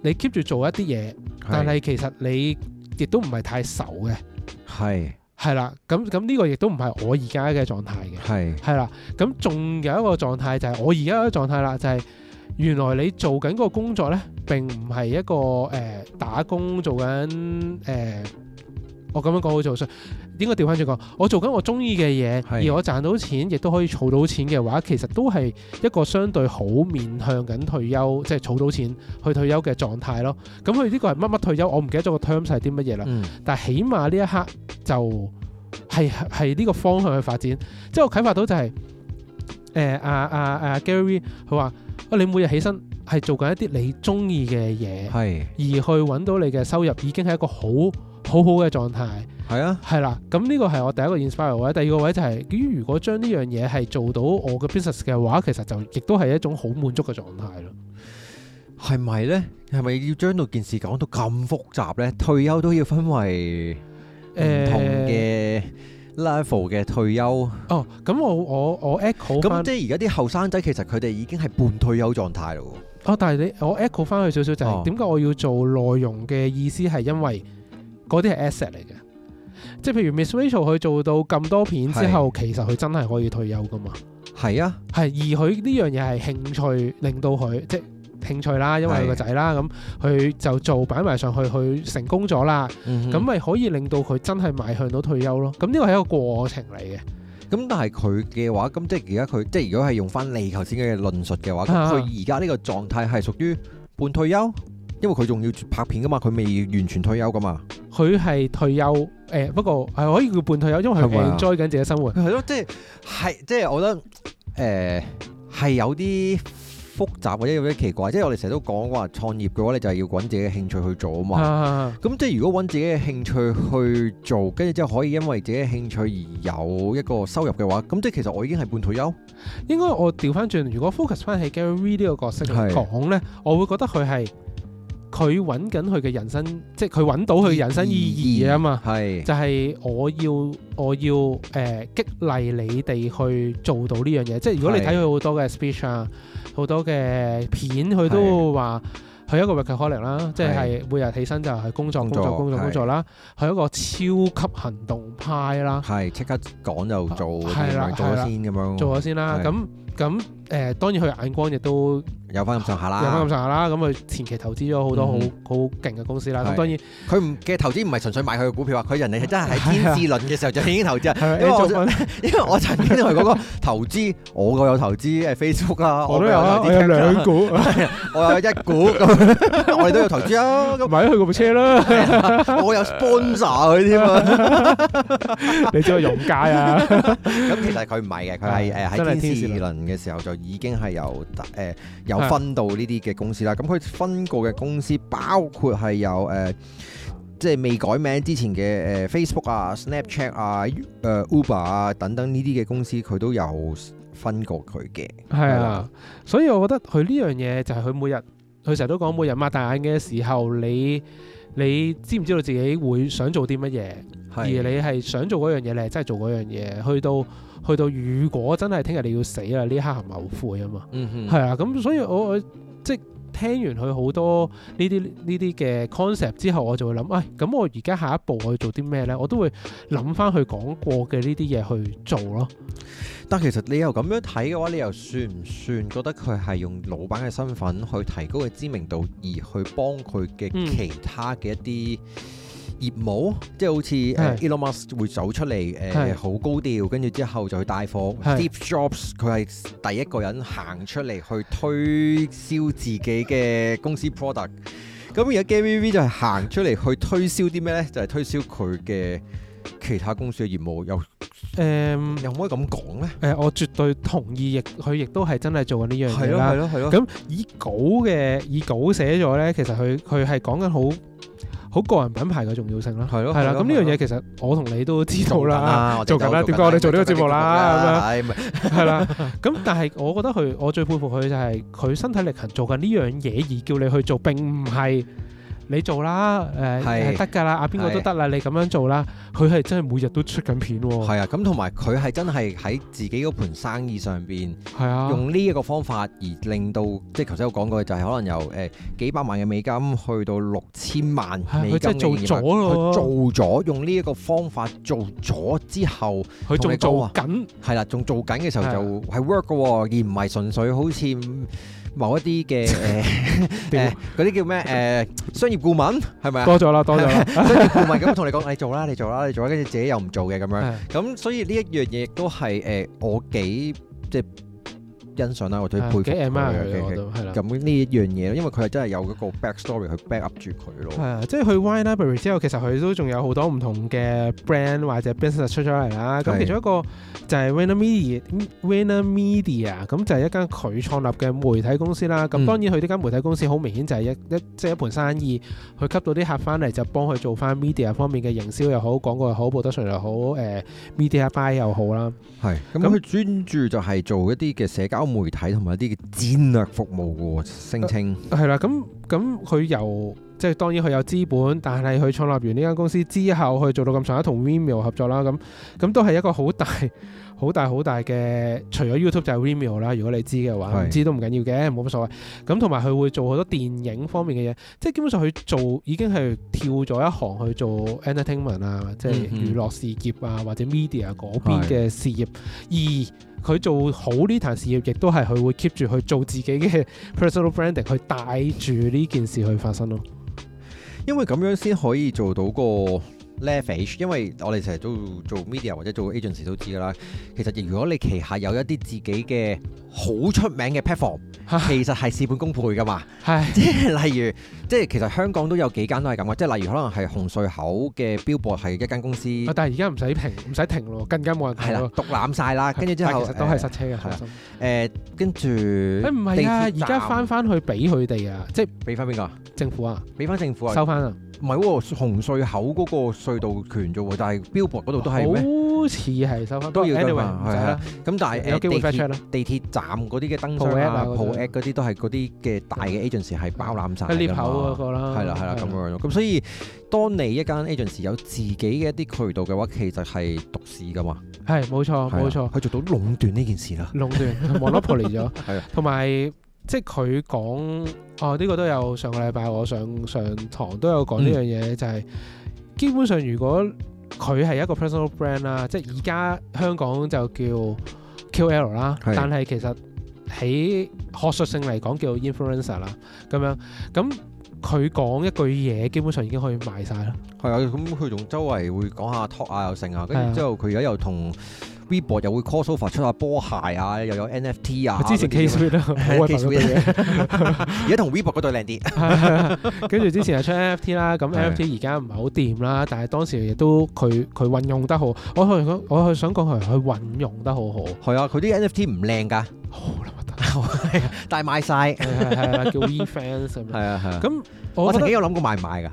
你 keep 住做一啲嘢，是但係其實你亦都唔係太愁嘅，係。係啦，咁咁呢個亦都唔係我而家嘅狀態嘅，係係啦，咁仲有一個狀態就係、是、我而家嘅狀態啦，就係、是、原來你做緊嗰個工作咧，並唔係一個誒、呃、打工做緊誒、呃，我咁樣講好做術。點解調翻轉講？我做緊我中意嘅嘢，而我賺到錢亦都可以儲到錢嘅話，其實都係一個相對好面向緊退休，即係儲到錢去退休嘅狀態咯。咁佢呢個係乜乜退休？我唔記得咗個 term 係啲乜嘢啦。但係起碼呢一刻就係係呢個方向去發展。即係我啟發到就係誒阿阿阿 Gary，佢話：喂你每日起身係做緊一啲你中意嘅嘢，是而去揾到你嘅收入已經係一個好好好嘅狀態。係啊，係啦，咁、這、呢個係我第一個 inspire 位，第二個位就係、是、咁。於如果將呢樣嘢係做到我嘅 business 嘅話，其實就亦都係一種好滿足嘅狀態咯。係咪呢？係咪要將到件事講到咁複雜呢？退休都要分為唔同嘅 level 嘅退休。呃、哦，咁我我我 echo 翻，咁即係而家啲後生仔其實佢哋已經係半退休狀態咯。哦，但係你我 echo 翻佢少少就係點解我要做內容嘅意思係因為嗰啲係 asset 嚟嘅。即係譬如 Miss Rachel 佢做到咁多片之後，是其實佢真係可以退休㗎嘛？係啊，係。而佢呢樣嘢係興趣令到佢，即係興趣啦，因為佢個仔啦，咁佢是就做擺埋上去，佢成功咗啦，咁咪、嗯、哼可以令到佢真係邁向到退休咯。咁呢個係一個過程嚟嘅。咁但係佢嘅話，咁即係而家佢，即係如果係用翻你頭先嘅論述嘅話，咁佢而家呢個狀態係屬於半退休。因為佢仲要拍片噶嘛，佢未完全退休噶嘛。佢係退休誒，不過係可以叫半退休，因為佢 enjoy 緊自己生活。係咯，即係係即係，我覺得誒係有啲複雜或者有啲奇怪。即係我哋成日都講話創業嘅話，你就係要揾自己嘅興趣去做啊嘛。咁即係如果揾自己嘅興趣去做，跟住之後可以因為自己嘅興趣而有一個收入嘅話，咁即係其實我已經係半退休。應該我調翻轉，如果 focus 翻喺 Gary 呢個角色嚟講咧，我會覺得佢係。佢揾緊佢嘅人生，即係佢揾到佢人生意義啊嘛。係，就係我要我要誒、呃、激勵你哋去做到呢樣嘢。即係如果你睇佢好多嘅 speech 啊，好是多嘅片，佢都會話佢一個 work hard 啦，即係每日起身就係工作工作工作工作啦。佢一個超級行動派啦。係，即刻講就做，做咗先咁樣。做咗先啦，咁的。的咁誒當然佢眼光亦都有翻咁上下啦，有翻咁上下啦。咁佢前期投資咗好多好好勁嘅公司啦。咁當然佢唔其投資唔係純粹買佢嘅股票啊。佢人哋係真係喺天使輪嘅時候就已經投資啊。因為我曾經係嗰個投資，我個有投資誒 Facebook 啊，我都有投資兩股，我有一股，我哋都有投資啊。咪去個部車啦，我有 sponsor 佢添啊。你做個融街啊？咁其實佢唔係嘅，佢係喺天使輪。嘅時候就已經係有誒、呃、有分到呢啲嘅公司啦，咁、嗯、佢分過嘅公司包括係有誒、呃，即係未改名之前嘅誒、呃、Facebook 啊、Snapchat 啊、誒、呃、Uber 啊等等呢啲嘅公司，佢都有分過佢嘅。係啊，嗯、所以我覺得佢呢樣嘢就係佢每日，佢成日都講每日擘大眼嘅時候，你你知唔知道自己會想做啲乜嘢？而你係想做嗰樣嘢，的你真係做嗰樣嘢。去到去到如果真係聽日你要死啦，呢刻係咪後悔啊嘛？嗯哼，係啊，咁所以我我即係聽完佢好多呢啲呢啲嘅 concept 之後，我就會諗，哎，咁我而家下一步我要做啲咩呢？我都會諗翻佢講過嘅呢啲嘢去做咯。但其實你又咁樣睇嘅話，你又算唔算覺得佢係用老闆嘅身份去提高佢知名度，而去幫佢嘅其他嘅、嗯、一啲？業務，即係好似誒 Elon Musk 會走出嚟誒，好高調，跟住之後就去帶貨。Steve 的 Jobs 佢係第一個人行出嚟去推銷自己嘅公司 product。咁而家 GaryVee 就係行出嚟去推銷啲咩咧？就係、是、推銷佢嘅其他公司嘅業務。又誒，又、嗯、唔可以咁講咧？誒、呃，我絕對同意，亦佢亦都係真係做緊呢樣嘢咯，係咯，係咯。咁以稿嘅以稿寫咗咧，其實佢佢係講緊好。好個人品牌嘅重要性啦，係咯，係啦。咁呢樣嘢其實我同你都知道啦，做緊啦，點解我哋做呢個節目啦？咁樣，係咪？係啦。咁但係我覺得佢，我最佩服佢就係佢身體力行做緊呢樣嘢而叫你去做，並唔係。你做啦，誒係得㗎啦，阿邊個都得啦，是你咁樣做啦，佢係真係每日都出緊片喎、哦。係啊，咁同埋佢係真係喺自己嗰盤生意上邊、啊，用呢一個方法而令到，即係頭先我講過嘅，就係可能由誒、欸、幾百萬嘅美金去到六千萬。佢真係做咗，佢做咗，用呢一個方法做咗之後，佢仲做緊，係啦，仲做緊嘅時候就係 work 嘅喎、哦，啊、而唔係純粹好似，某一啲嘅誒誒嗰啲叫咩誒、呃、商業顧問係咪啊？多咗啦，多咗啦 商業顧問咁同你講 你做啦，你做啦，你做啦，跟住自己又唔做嘅，咁樣咁的所以呢一樣嘢都係誒、呃、我幾即係。欣賞啦，或者佩服咁呢一樣嘢對因為佢係真係有嗰個 backstory 去 back up 住佢咯。係啊，即係去 Wine Library 之後，其實佢都仲有好多唔同嘅 brand 或者 business 出咗嚟啦。咁對其中一個就係 VaynerMedia，Vayner 對 Media 咁就係一間佢創立嘅媒體公司啦。咁當然佢呢間媒體公司好明顯就係一一即係一盤生意，去吸到啲客翻嚟就幫佢做翻 media 方面嘅營銷又好，廣告又好，報得上又好，誒、呃、media buy 又好啦。係，咁佢專注就係做一啲嘅社交媒體同埋啲嘅戰略服務嘅聲稱係啦，咁咁佢由即係當然佢有資本，但係佢創立完呢間公司之後，去做到咁上下同 Vimeo 合作啦，咁咁都係一個好大、好大、好大嘅。除咗 YouTube 就係 Vimeo 啦，如果你知嘅話，唔是知都唔緊要嘅，冇乜所謂。咁同埋佢會做好多電影方面嘅嘢，即係基本上佢做已經係跳咗一行去做 entertainment 啊，即係娛樂事業啊，嗯、哼或者 media 嗰邊嘅事業的而。而佢做好呢壇事業，亦都係佢會 keep 住去做自己嘅 personal branding，去帶住呢件事去發生咯。因為咁樣先可以做到個。leverage 因為，我哋成日都做 media 或者做 agents 都知㗎啦。其實如果你旗下有一啲自己嘅好出名嘅 platform、啊、其實係事半功倍㗎嘛。係唉即係例如，即係其實香港都有幾間都係咁嘅。即係例如可能係紅隧口嘅 billboard 係一間公司。啊、但係而家唔使停，唔使停咯，更加冇人停咯，獨、啊、攬晒啦。跟住、啊、之後其實都係塞車嘅。係誒、呃，跟住誒唔係啊！而家翻翻去俾佢哋啊，即係俾翻邊個？政府啊？俾翻政府啊？收翻啊？唔係喎，紅隧口嗰個。隧道權做喎，但係 billboard 嗰度都係好似係收翻都要㗎嘛，係啦。咁但係有機會 check，地鐵站嗰啲嘅燈箱啊、po ad 嗰啲都係嗰啲嘅大嘅 agency 係包攬曬。裂口嗰個啦，係啦係啦咁樣咯。咁所以當你一間 agency 有自己嘅一啲渠道嘅話，其實係獨市㗎嘛。係，冇錯冇錯，佢做到壟斷呢件事啦。壟斷 monopoly 咗，係。同埋即係佢講哦，呢個都有上個禮拜我上上堂都有講呢樣嘢，就係。基本上如果佢係一個 personal brand 啦，即係而家香港就叫 KOL 啦，是的 但係其實喺學術性嚟講叫 influencer 啦，咁樣咁佢講一句嘢，基本上已經可以賣晒啦。係啊，咁佢仲周圍會講下 talk 啊又成啊，跟住之後佢而家又同。Weibo 又會 call sofa 出下波鞋啊，又有 NFT 啊。之前 case 咯，K s q 嘢。而家同 Vibo 嗰對靚啲。跟住之前又出 NFT 啦，咁 NFT 而家唔係好掂啦，但係當時亦都佢佢運用得好，我我我想講佢佢運用得好好。係啊，佢啲 NFT 唔靚㗎。好啦，我得。係啊，但係買晒，叫 We Fans 咁我曾經有諗過買唔買㗎？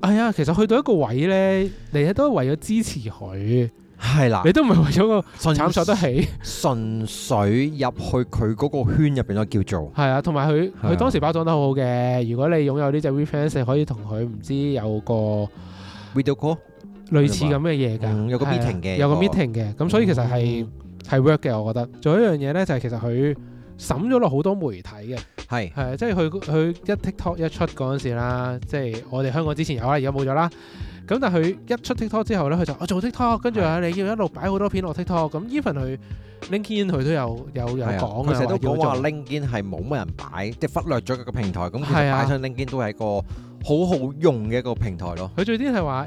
係啊，其實去到一個位咧，你都係為咗支持佢。係啦，你都唔係為咗個慘受得起，純粹入去佢嗰個圈入邊咧叫做。係 啊，同埋佢佢當時包裝得好好嘅。如果你擁有呢隻 reference，可以同佢唔知有個類似咁嘅嘢㗎，有個 meeting 嘅、啊，有個 meeting 嘅。咁、嗯、所以其實係係、嗯、work 嘅，我覺得。仲有一樣嘢咧，就係其實佢審咗落好多媒體嘅，係係即係佢佢一 tiktok 一出嗰陣時啦，即係我哋香港之前有啦，而家冇咗啦。咁但係佢一出 TikTok 之後咧，佢就我、哦、做 TikTok 跟住你要一路擺好多片落 TikTok 咁 Even 佢 LinkedIn 佢都有有有講嘅，成日都講話 LinkedIn 係冇乜人擺，即係忽略咗個平台。咁其實擺上 LinkedIn 都係一個好好用嘅一個平台咯。佢最啲係話誒睇、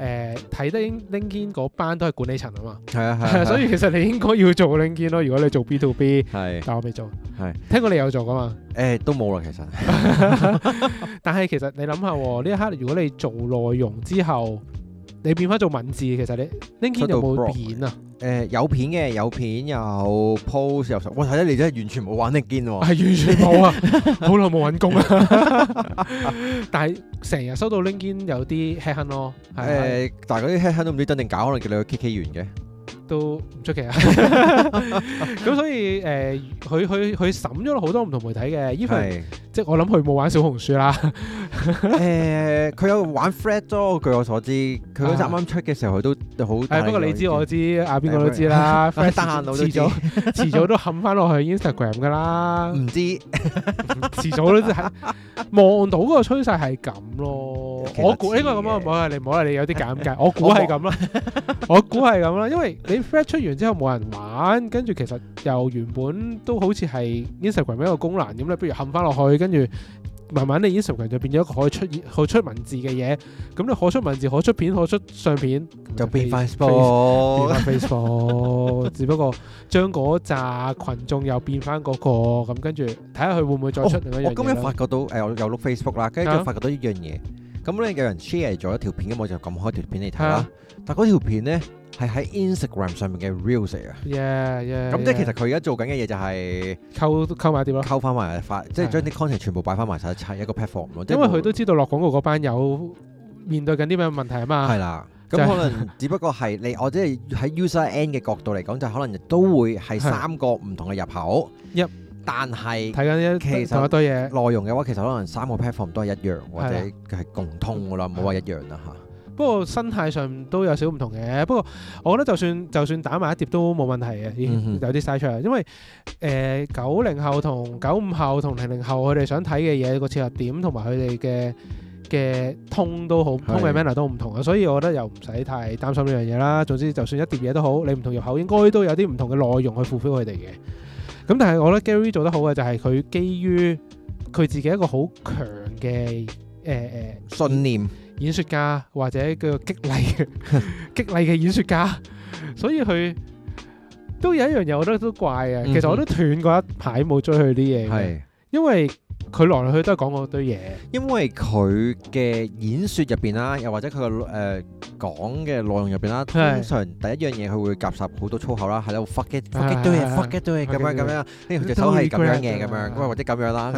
呃、得 LinkedIn 嗰班都係管理層啊嘛。係啊係啊， 所以其實你應該要做 LinkedIn 咯。如果你做 B to B，係的，但我未做。係的，聽過你有做噶嘛？誒、呃、都冇啦，其實。 但係其實你諗下呢一刻，如果你做內容之後，你變翻做文字，其實你 LinkedIn 有冇片啊？誒有片嘅，有片有 post 有十。我睇得你真係完全冇玩 LinkedIn 喎。係完全冇啊！好耐冇揾工啊！ 但係成日收到 LinkedIn 有啲 headhunt 咯。誒，law, 呃、吧但係嗰啲 headhunt 都唔知真定假，可能叫你去 K K 完嘅。都唔出奇啊！咁所以誒，佢佢佢審咗好多唔同媒體嘅，因為即係我諗佢冇玩小紅書啦。誒，佢有玩 Frat 多，據我所知，佢嗰時啱啱出嘅時候，佢都好。不過你知我知，阿邊個都知啦，Frat 三下遲早都冚翻落去 Instagram 噶啦。唔知，遲早都係。望到個趨勢係咁咯，我估應該係咁啊！唔好啊，你唔好啊，你有啲尷尬，我估係咁啦，我估係咁啦，因為你 friend 出完之後冇人玩，跟住其實又原本都好似係 Instagram 一個功能咁咧，不如冚翻落去，跟住慢慢你 Instagram 就變咗一個可以出可出文字嘅嘢，咁你可出文字、可出片、可出相片，就變翻 Facebook，變翻 Facebook，只不過將嗰紮群眾又變翻嗰個咁，跟住睇下佢會唔會再出另一樣嘢啦。我今日發覺到誒，我又碌 Facebook 啦，跟住就發覺到一樣嘢，咁咧有人 share 咗一條片，咁我就撳開條片嚟睇啦。但嗰條片咧。係喺 Instagram 上面嘅 Reels 嚟啊。咁即係其實佢而家做緊嘅嘢就係溝溝埋啲咯，溝翻埋即係將啲 content 的全部擺翻埋晒，一齊一個 platform 咯。因為佢都知道落廣告嗰班有面對緊啲咩問題啊嘛。係啦，咁可能、就是、只不過係你，我即係喺 user end 嘅角度嚟講，就可能都會係三個唔同嘅入口。一的，但係睇緊一其實堆嘢內容嘅話，其實可能三個 platform 都係一樣，的或者係共通噶啦，唔好話一樣啦嚇。不過心態上都有少少唔同嘅，不過我覺得就算就算打埋一碟都冇問題嘅，已經有啲嘥出嚟。因為誒九零後同九五後同零零後，佢哋想睇嘅嘢個切入點同埋佢哋嘅嘅 tone 都好，tone and manner 都唔同啊，所以我覺得又唔使太擔心呢樣嘢啦。總之就算一碟嘢都好，你唔同入口應該都有啲唔同嘅內容去付飄佢哋嘅。咁但係我覺得 Gary 做得好嘅就係佢基於佢自己一個好強嘅誒信念。演說家或者叫做激勵嘅激勵嘅演說家，所以佢都有一樣嘢，我覺得都怪啊。其實我都斷過一排冇追佢啲嘢，係因為佢來來去都係講嗰堆嘢。因為佢嘅演說入邊啦，又或者佢嘅誒講嘅內容入邊啦，通常第一樣嘢佢會夾雜好多粗口啦，係啦，fuck it，fuck it，fuck it，咁樣咁樣，跟住隻手係咁樣嘅咁樣，或者咁樣啦。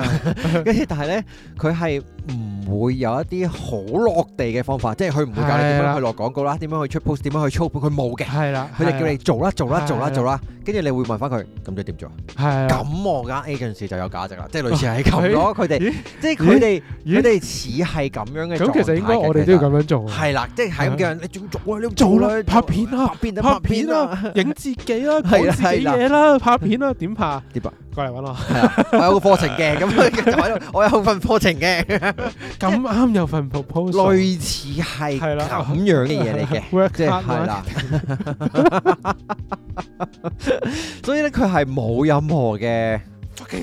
跟住但係咧，佢係。唔會有一啲好落地嘅方法，即係佢唔會教你點樣去落廣告啦，點樣去出 post，點樣去操盤，佢冇嘅。係啦，佢哋叫你做啦，做啦，做啦，做啦，跟住你會問翻佢咁即係點做？係咁，我間 agency 就有價值啦，即係類似係咁咯。佢哋即係佢哋，佢哋似係咁樣嘅。其實應該我哋都要咁樣做。係啦，即係係咁叫你做做，你做啦，拍片啦，拍片啦，拍片啦，影自己啦，講自己嘢啦，拍片啦，點拍？點拍？過嚟玩咯，係啊，我有個課程嘅，咁我有份課程嘅，咁啱有份 proposal，類似係咁樣嘅嘢嚟嘅，即係係啦。所以咧，佢係冇任何嘅，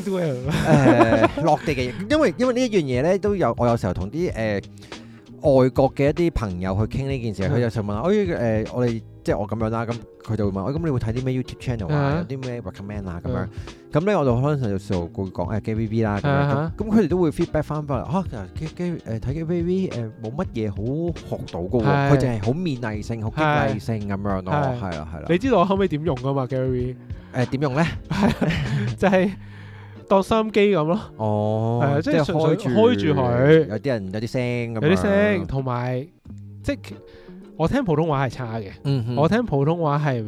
誒落地嘅嘢，因為因為呢一樣嘢咧，都有我有時候同啲誒外國嘅一啲朋友去傾呢件事，佢就問我，誒我哋。即係我咁樣啦，咁佢就會問我，咁你會睇啲咩 YouTube channel 啊？有啲咩 recommend 啊？咁樣咁咧，我就可能就就會講誒 Gary Vee 啦。咁樣咁佢哋都會 feedback 翻翻嚟哦，Gary Gary 誒睇 Gary Vee 誒冇乜嘢好學到嘅喎，佢淨係好勉勵性、好激勵性咁樣咯。係啊，係啦。你知道我後尾點用嘅嘛 Gary Vee？誒點用咧？係就係當收音機咁咯。哦，係啊，即係開開住佢。有啲人有啲聲，有啲聲，同埋即係。我聽普通話係差嘅，嗯、哼我聽普通話係誒、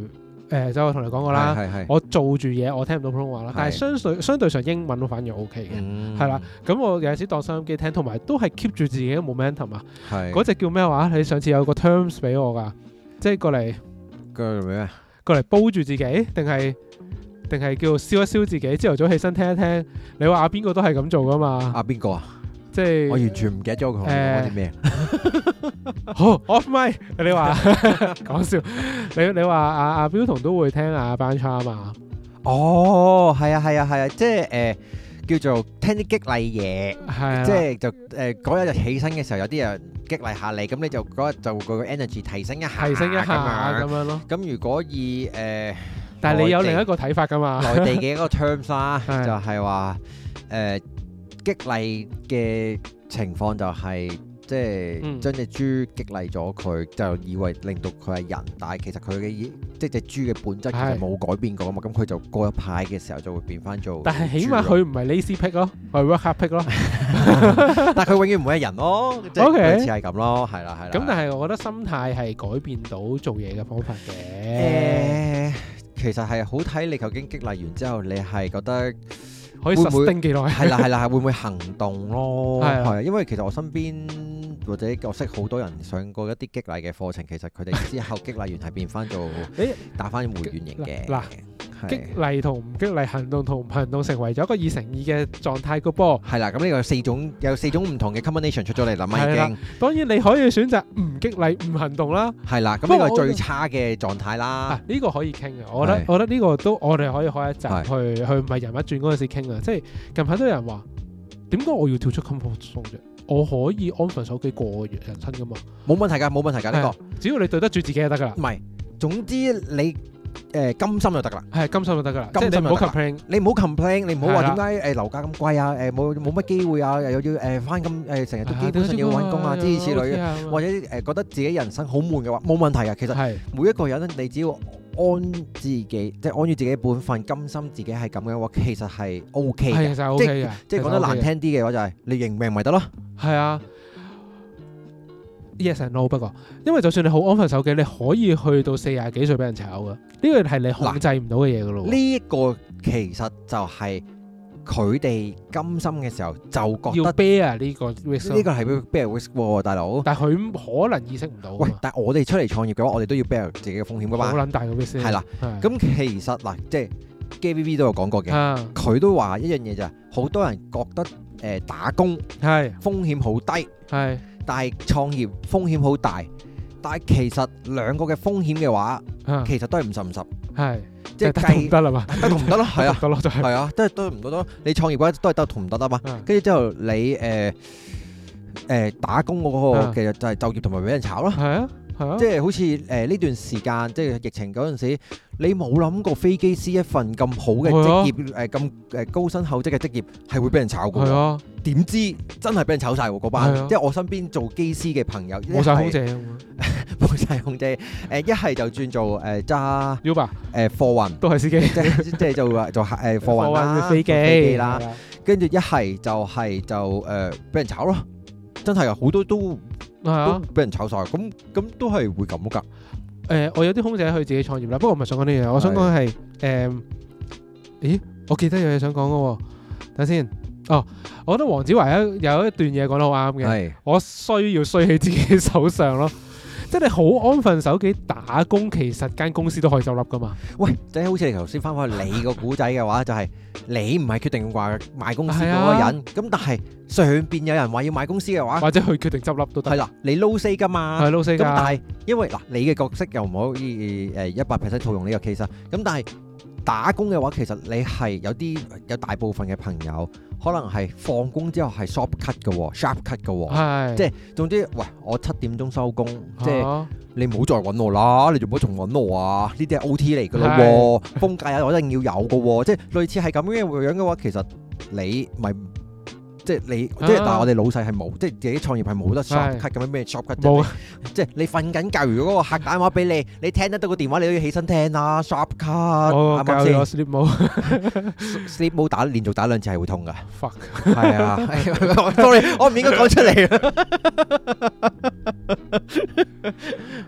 呃、就我同你講過啦，嗯、哼我做住嘢我聽唔到普通話啦，嗯、哼但係相對相對上英文都反而 O K 嘅，係啦、嗯，咁我有陣時當收音機聽，同埋都係 keep 住自己嘅 momentum 啊、嗯哼，嗰隻叫咩話？你上次有個 terms 俾我噶，即係過嚟過嚟咩？過嚟煲住自己，定係定係叫燒一燒自己？朝頭早起身聽一聽，你話邊個都係咁做噶嘛？阿邊個啊？即係我完全唔記得咗佢講啲咩。 好，我唔係你話講笑，你你話阿阿標同都會聽阿班差嘛？哦，係啊，係啊，係啊，即係誒叫做聽啲激勵嘢，係啊，即係就誒嗰日就起身嘅時候有啲人激勵下你，咁你就嗰日就個 energy 提升一下，提升一下咁樣咯。咁如果以誒，但係你有另一個睇法噶嘛？內地嘅一個 terms 啦，就係話誒激勵嘅情況就係。即係、嗯、將隻豬激勵咗佢，就以為令到佢係人，但係其實佢嘅即係隻豬嘅本質其實冇改變過啊嘛，咁佢是、嗯、就過一排嘅時，時候就會變翻做。但係起碼佢唔係 lazy pick 咯，係、嗯、work hard pick 咯。 但係佢永遠唔會係人咯，即係 Okay. 好似係咁咯，係啦係啦。咁但係我覺得心態係改變到做嘢嘅方法嘅。誒，yeah, 其實係好睇你究竟激勵完之後，你係覺得。可以實踐幾耐？係啦係啦係，會唔會行動咯？係的，因為其實我身邊或者我識好多人上過一啲激勵嘅課程，其實佢哋之後激勵完，係變翻做，誒打翻回原形嘅。激勵同唔激勵，行動同唔行動，成為咗一個二乘二嘅狀態個波。係啦，咁呢個有四種，有四種唔同嘅 combination 出咗嚟。林麥已經，當然你可以選擇唔激勵唔行動啦。係啦，咁呢個係最差嘅狀態啦。呢個可以傾啊，我覺得，我覺得呢個都我哋可以開一集去去唔係人物轉嗰陣時傾啊。即係近排都有人話，點解我要跳出 comfort zone？我可以安分手機過完人生噶嘛？冇問題噶，冇問題噶呢個。只要你對得住自己就得噶啦。唔係，總之你。誒甘心就得啦，係甘心就得㗎啦，即係你唔好 complain，你唔好 complain，你唔好話點解誒樓價咁貴啊，誒冇冇乜機會啊，又要誒翻咁誒成日都基本上要搵工啊之類之類，或者誒覺得自己人生好悶嘅話，冇問題嘅。其實每一個人都你只要安自己，即係安住自己本分，甘心自己係咁嘅話，其實係 OK 嘅，即係講得難聽啲嘅話就係你認命咪得咯，係啊。Yes and no，不過，因為就算你好安分守己，你可以去到四廿幾歲俾人炒㗎，呢樣係你控制唔到嘅嘢㗎咯。呢一個其實就係佢哋甘心嘅時候就覺得要 bear 呢個 risk，呢個係 bear risk 喎，大佬。但係佢可能意識唔到。喂，但係我哋出嚟創業嘅話，我哋都要 bear 自己嘅風險㗎嘛。好撚大嘅 risk。係啦，咁其實嗱，即係 Gary Vee 都有講過嘅，佢都話一樣嘢就係，好多人覺得誒打工係風險好低，係。但係創業風險好大，但係其實兩個嘅風險嘅話，嗯、其實都係五十五十，係是即係同得啦嘛，得同唔得咯，係啊，得係啊，都都唔覺得。你創業嘅都係得同唔得得嘛？跟住之後你誒、呃、誒、呃呃、打工嗰個其實就係就業同埋俾人炒咯，係啊係啊，即係好似誒呢段時間即係疫情嗰陣時，你冇諗過飛機師一份咁好嘅職業誒咁誒高薪厚職嘅職業係會俾人炒嘅，係啊、哦。點知真係俾人炒晒喎嗰班，即係我身邊做機師嘅朋友，冇晒空姐，冇晒空姐。誒一係就轉做誒揸 Uber，誒貨運都係司機，即係即係做客誒貨運啦，飛機啦。跟住一係就係就誒俾人炒咯，真係啊好多都係啊俾人炒晒。咁咁都係會咁㗎。誒我有啲空姐去自己創業啦，不過我唔係想講呢樣，我想講係誒。咦？我記得有嘢想講嘅喎，等先。哦，我覺得黃子華有有一段嘢講得好啱嘅，我需要衰喺自己手上咯，即係你好安分守己打工，其實間公司都可以執笠噶嘛。喂，即係好似你頭先翻返去你個古仔嘅話，就係你唔係決定話賣公司嗰個人，咁但係上面有人話要賣公司嘅話，或者佢決定執笠都得。係啦，你撈四噶嘛，係撈四噶。咁但係因為嗱，你嘅角色又唔可以誒一百 percent 套用呢個 case 啊。咁但係打工嘅話，其實你係有啲有大部分嘅朋友。可能係放工之後係 shop cut 嘅、哦、sharp cut 嘅，即係總之，喂，我七點鐘收工，uh huh. 即係你唔好再揾我啦，你仲唔好重揾我啊？呢啲係 O T 嚟㗎咯，風格啊，我一定要有㗎喎、哦，即係類似係咁樣嘅樣嘅話，其實你咪。即係你，即係但係我哋老細係冇，即係自己創業係冇得 shop cut 咁樣咩 shop cut，即係你瞓緊覺，如果嗰個客打電話俾你，你聽得到個電話，你都要起身聽啦。shop cut，教咗 sleep mode，sleep mode 打連續打兩次係會痛噶。係啊，sorry，我唔應該講出嚟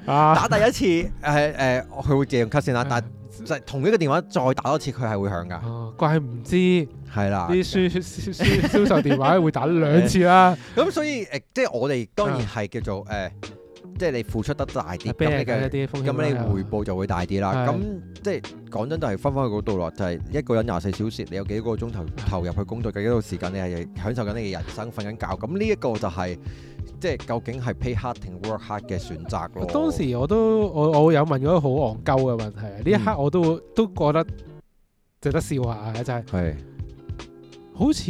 啊。打第一次係誒，佢會借用 cut 先啦，但係就同一個電話再打多次，佢係會響噶。怪唔知。係啦，啲書銷售電話會打兩次啦、啊，咁 所以誒、呃，即係我哋當然係叫做誒、呃，即係你付出得大啲嘅，咁你,風險你回報就會大啲啦。咁的即係講真就分分，就係分翻去嗰度咯，就係一個人廿四小時，你有幾個鐘頭投入去工作，嘅一嗰段時間你係享受緊你嘅人生、瞓緊覺。咁呢一個就係、是、即係究竟係 pay hard and work hard 嘅選擇咯。當時我都我我有問咗一個好戇鳩嘅問題，呢、嗯、一刻我都都覺得值得笑下啊！真、就、係、是。的好似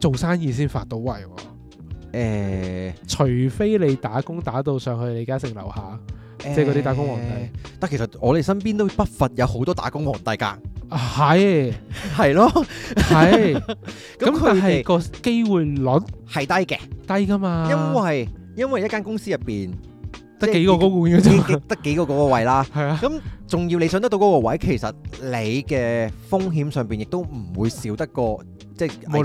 做生意先發到位喎。欸，除非你打工打到上去李嘉誠樓下，即係嗰啲打工皇帝。但其實我哋身邊都不乏有好多打工皇帝嘅。係是，係咯 的，係。咁佢係個機會率係低嘅，低㗎嘛，因。因為因為一間公司入邊。得幾個得幾，幾，幾，幾個嗰個位啦。係 是啊，咁仲要你想得到嗰個位，其實你嘅風險上邊亦都唔會少得過，即係無論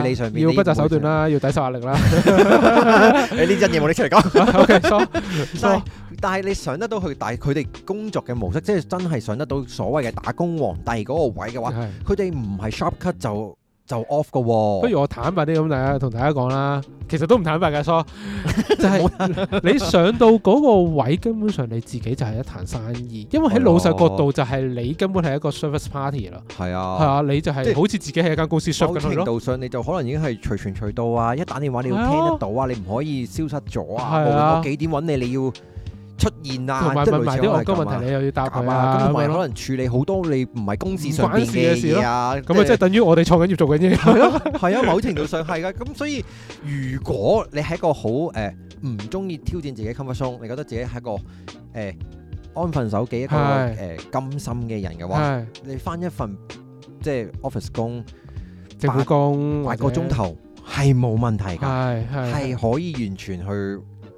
處理上邊、啊、要不擇手段啦，要抵受壓力啦。你呢陣嘢冇你出嚟講 Okay, sure, sure. 但係你想得到佢，但係佢哋工作嘅模式，即係真係想得到所謂嘅打工皇帝嗰個位嘅話，佢哋唔係 shop cut 就。就 off 嘅喎，哦，不如我坦白啲咁，大家同大家講啦，其實都唔坦白嘅 so 就係、是， 你上到嗰個位，根本上你自己就係一盤生意，因為喺老細角度就係你根本係一個 service party 啦，哎呦，係啊，係啊，你就係好似自己係一間公司 shop 咁咯，渠上你就可能已經係隨傳隨到啊，一打電話你要聽得到啊，哎，呦你唔可以消失咗啊，我、哎，呦幾點揾你你要，出現啊，同埋問埋啲惡心問題，你又要答啊，同埋可能處理好多你唔係公事上面嘅事咯，咁啊即係等於我哋坐緊嘢做緊嘢，係咯，係啊，某程度上係嘅。咁所以如果你係一個好誒唔中意挑戰自己、comfort zone，你覺得自己係一個誒安分守己、一個誒甘心嘅人嘅話，你返一份即係 office 工、政府工，捱個鐘頭係冇問題㗎，係係可以完全去。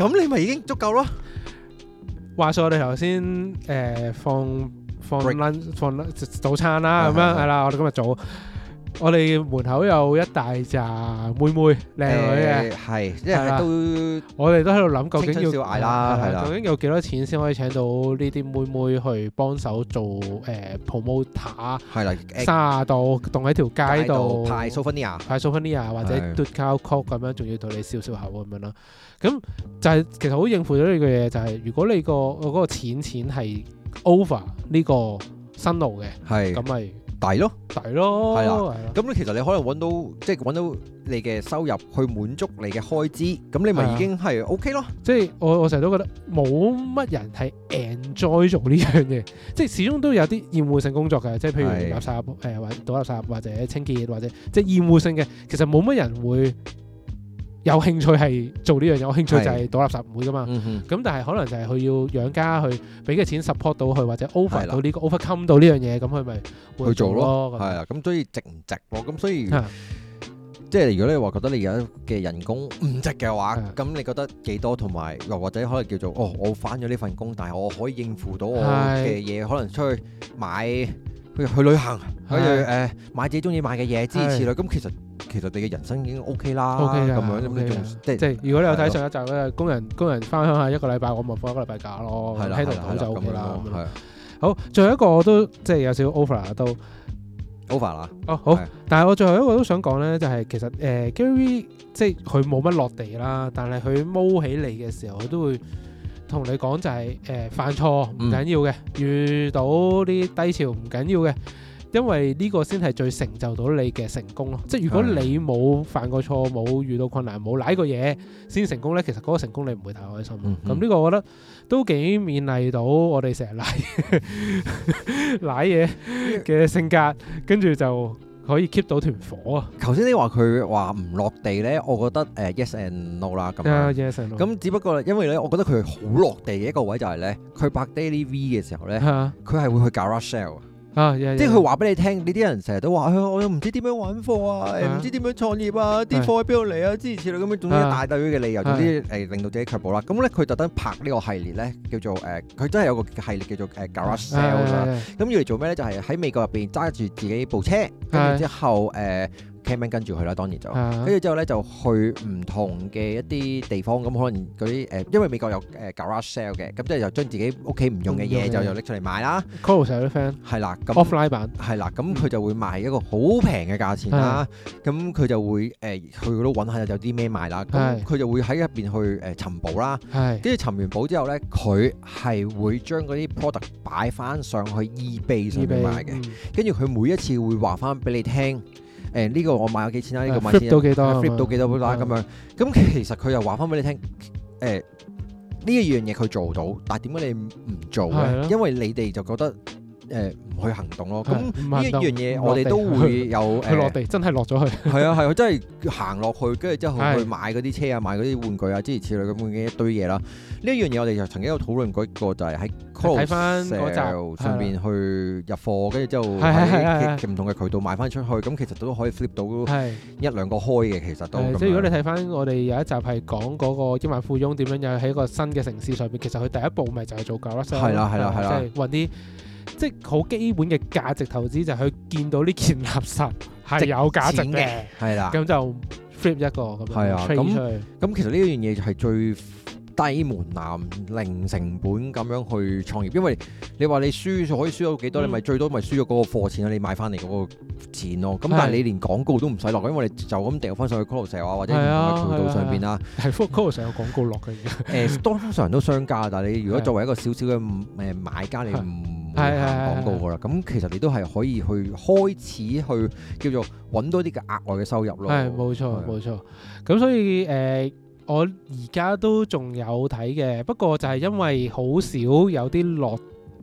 咁你咪已經足夠咯？話說我哋頭先誒，放放攤 Break. 放早餐啦，咁 樣係 啦，我哋今日早。我哋門口有一大紮妹妹靚女嘅，係，因為都我哋都喺度諗，究竟要，係啦，究竟有幾多錢先可以請到呢啲妹妹去幫手做誒 promoter？係啦，卅度戙喺條街度，派 Sophia，派 Sophia 或者 do call 咁樣，仲要對你笑笑口咁樣啦。咁就係其實好應付咗呢個嘢，就係如果你個嗰個錢錢係 over 呢個新路嘅，係，咁咪。抵咯，抵咯，係啦。咁咧，其實你可能揾到，即係揾到你嘅收入去滿足你嘅開支，咁你咪已經係 OK 咯。即係了 我我成日都覺得冇乜人係 enjoy 做呢樣嘢，即係始終都有啲厭惡性工作嘅，即係譬如垃圾誒或者倒垃圾或者清潔或者即係厭惡性嘅，其實冇乜人會。有興趣係做呢樣，有我興趣就係倒垃圾唔會噶嘛。咁、嗯、哼但係可能就係佢要養家，去俾嘅錢 support 到佢，或者 over 到呢、這個 overcome 到呢樣嘢，咁佢咪去做咯。係啊，咁所以值唔值咯？咁所以的即係如果你話覺得你而家嘅人工唔值嘅話，咁的你覺得幾多？同埋又或者可能叫做哦，我返咗呢份工，但係我可以應付到我嘅嘢，的可能出去買。去旅行，去誒買自己中意買嘅嘢，支持佢。咁其實其實你嘅人生已經 OK 啦，咁樣咁嘅，即係如果你有睇上一集咧，工人工人翻鄉下一個禮拜，我咪放一個禮拜假咯，喺度唞就 OK 啦。好，最後一個我都即係有少少 over 啦，都 over 啦。哦，好，但係我最後一個都想講咧，就係其實誒 Gary 即係佢冇乜落地啦，但係佢踎起嚟嘅時候，佢都會。同你講就係誒犯錯唔緊要嘅，遇到啲低潮唔緊要嘅，因為呢個先係最成就到你嘅成功咯。即係如果你冇犯過錯，冇遇到困難，冇賴過嘢先成功呢，其實嗰個成功你唔會太開心。咁呢個我覺得都幾勉勵到我哋成日賴賴嘢嘅性格，跟住就。可以 keep 到團火啊！頭先你話佢話唔落地咧，我覺得誒、uh, yes and no 啦咁。yes and no。咁只不過因為咧，我覺得佢好落地嘅一個位就係咧，佢拍 daily V 嘅時候咧，佢係會去 grab shell。啊！即係佢話俾你聽，呢啲人成日都話，我又唔知點樣揾貨啊，唔知點樣創業啊，啲貨喺邊度嚟啊？諸如此類咁樣，總之大堆嘅理由，總之誒，令到自己卻步啦。咁咧，佢特登拍呢個系列咧，叫做誒，佢真係有個系列叫做誒 Garage Sale 啦。咁要嚟做咩咧？就係喺美國入邊揸住自己部車，跟住之後誒。跟住佢啦，當然就跟住之、啊、後咧，就去唔同嘅一啲地方，咁、啊、可能嗰啲誒，因為美國有誒 Garage Sale 嘅，咁、呃嗯、即係就將自己屋企唔用嘅嘢就又拎出嚟賣、嗯嗯、啦。Close 成啲 friend 係啦，咁 offline 版係啦，咁佢就會賣一個好平嘅價錢啦。咁佢、嗯、就會誒、呃、去嗰度揾下有啲咩賣啦。咁佢是就會喺入邊去誒尋寶啦。跟住尋完寶之後咧，佢係會將嗰啲 product 擺翻上去 eBay 上面賣嘅。跟住佢每一次會話翻俾你聽。誒呢個我買咗幾錢啦？呢、呢個買咗幾多？flip 到幾多啦？咁樣咁其實佢又話翻俾你聽，誒呢一樣嘢佢做到，但係點解你唔做咧？因為你哋就覺得。誒唔去行動咯，咁呢一樣嘢我哋都會有去落地，真係落咗去。係啊，係佢真係行落去，跟住之後去買嗰啲車啊，買嗰啲玩具啊，諸如此類咁嘅一堆嘢啦。呢一樣嘢我哋就曾經有討論過一個，就係喺 close 睇翻嗰集上邊去入貨，跟住之後就喺唔同嘅渠道賣翻出去，咁其實都可以 flip 到一兩個開嘅。其實都即係如果你睇翻我哋有一集係講嗰個億萬富翁點樣又喺一個新嘅城市上邊，其實佢第一步咪就係做夠啦，即係揾啲。即係好基本嘅價值投資，就係去見到呢件垃圾係有價值嘅，係啦，咁就 flip 一個咁樣推出去。咁其實呢樣嘢就係最低門檻、零成本咁樣去創業，因為你話你輸可以輸到幾多，嗯你多，你咪最多咪輸咗嗰個貨錢，你買翻嚟嗰個錢咯。咁但係你連廣告都唔使落，因為你就咁掉翻上去 Carousell 啊，或者渠道上邊啦。係 Carousell、哦、有廣告落嘅，而家、欸。誒，通常都商家，但係你如果作為一個小小嘅誒買家，你唔會廣告噶啦。咁其實你都係可以去開始去叫做揾多啲嘅額外嘅收入咯。冇錯冇錯。咁對所以誒。呃我而家都仲有睇嘅，不過就係因為好少有啲落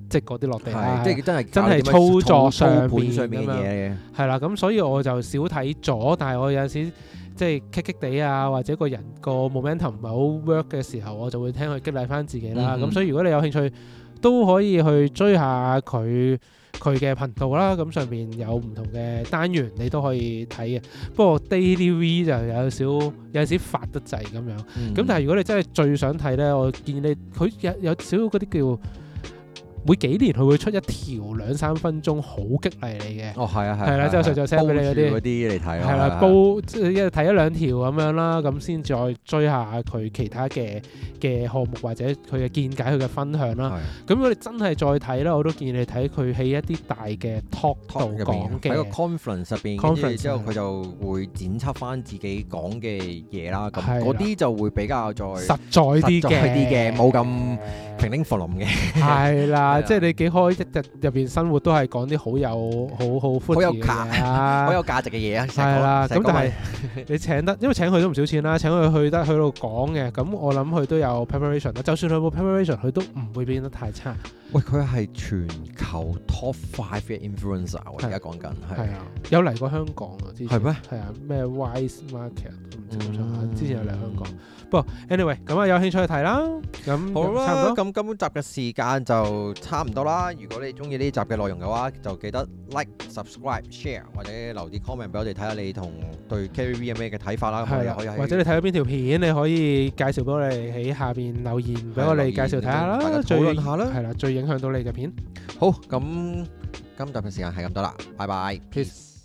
即嗰啲落地即係真係真係操作上面上面嘅嘢，係啦，咁所以我就少睇咗。但係我有陣時即係棘棘地啊，或者個人個 momentum 唔係好 work 嘅時候，我就會聽佢激勵翻自己啦。咁、嗯嗯、所以如果你有興趣，都可以去追下佢佢嘅頻道啦，咁上面有唔同嘅單元，你都可以睇嘅。不過 Daily V 就有少有少時發得滯咁樣，咁、嗯、但係如果你真係最想睇呢，我建議你佢有有少少嗰啲叫。每幾年佢會出一條兩三分鐘好激勵你嘅，哦係啊係，係啦，之後再再 send 俾你嗰啲，嗰啲嚟睇，係啦，高即係睇一兩條咁樣啦，咁先再追下佢其他嘅嘅項目或者佢嘅見解佢嘅分享啦。咁如果你真係再睇啦。我都建議你睇佢喺一啲大嘅 talk 度講嘅，喺個 conference 入邊，conference 之後佢就會剪輯翻自己講嘅嘢啦。係嗰啲就會比較再實在啲嘅，冇咁平平冇冧嘅。係啦。即係你幾開一日入邊生活都係講啲好有好好 full 好有價值嘅嘢啊！係啦， 咁但係是 你請得，因為請佢都唔少錢啦。請佢去得去度講嘅，咁我諗佢都有 preparation 啦。就算佢冇 preparation，佢都唔會變得太差。喂，佢係全球 top five 嘅 influencer 是我而家講緊係啊，有嚟過香港啊，係咩？係啊嗎，咩 wise market，唔清楚。之前有嚟香港。嗯，不過 anyway，咁啊有興趣去睇啦。咁好啦，差唔多。咁今集嘅時間就差唔多啦。如果你中意呢集嘅內容嘅話，就記得 like、subscribe、share 或者留啲 comment 俾我哋睇下你同對 GaryVee 有咩嘅睇法啦。係的，可以或者你睇咗邊條片，你可以介紹俾我哋喺下邊留，留言，俾我哋介紹睇下啦。大家討論下啦，係啦，影響到你嘅片？好，咁今集嘅時間係咁多啦，拜拜，peace。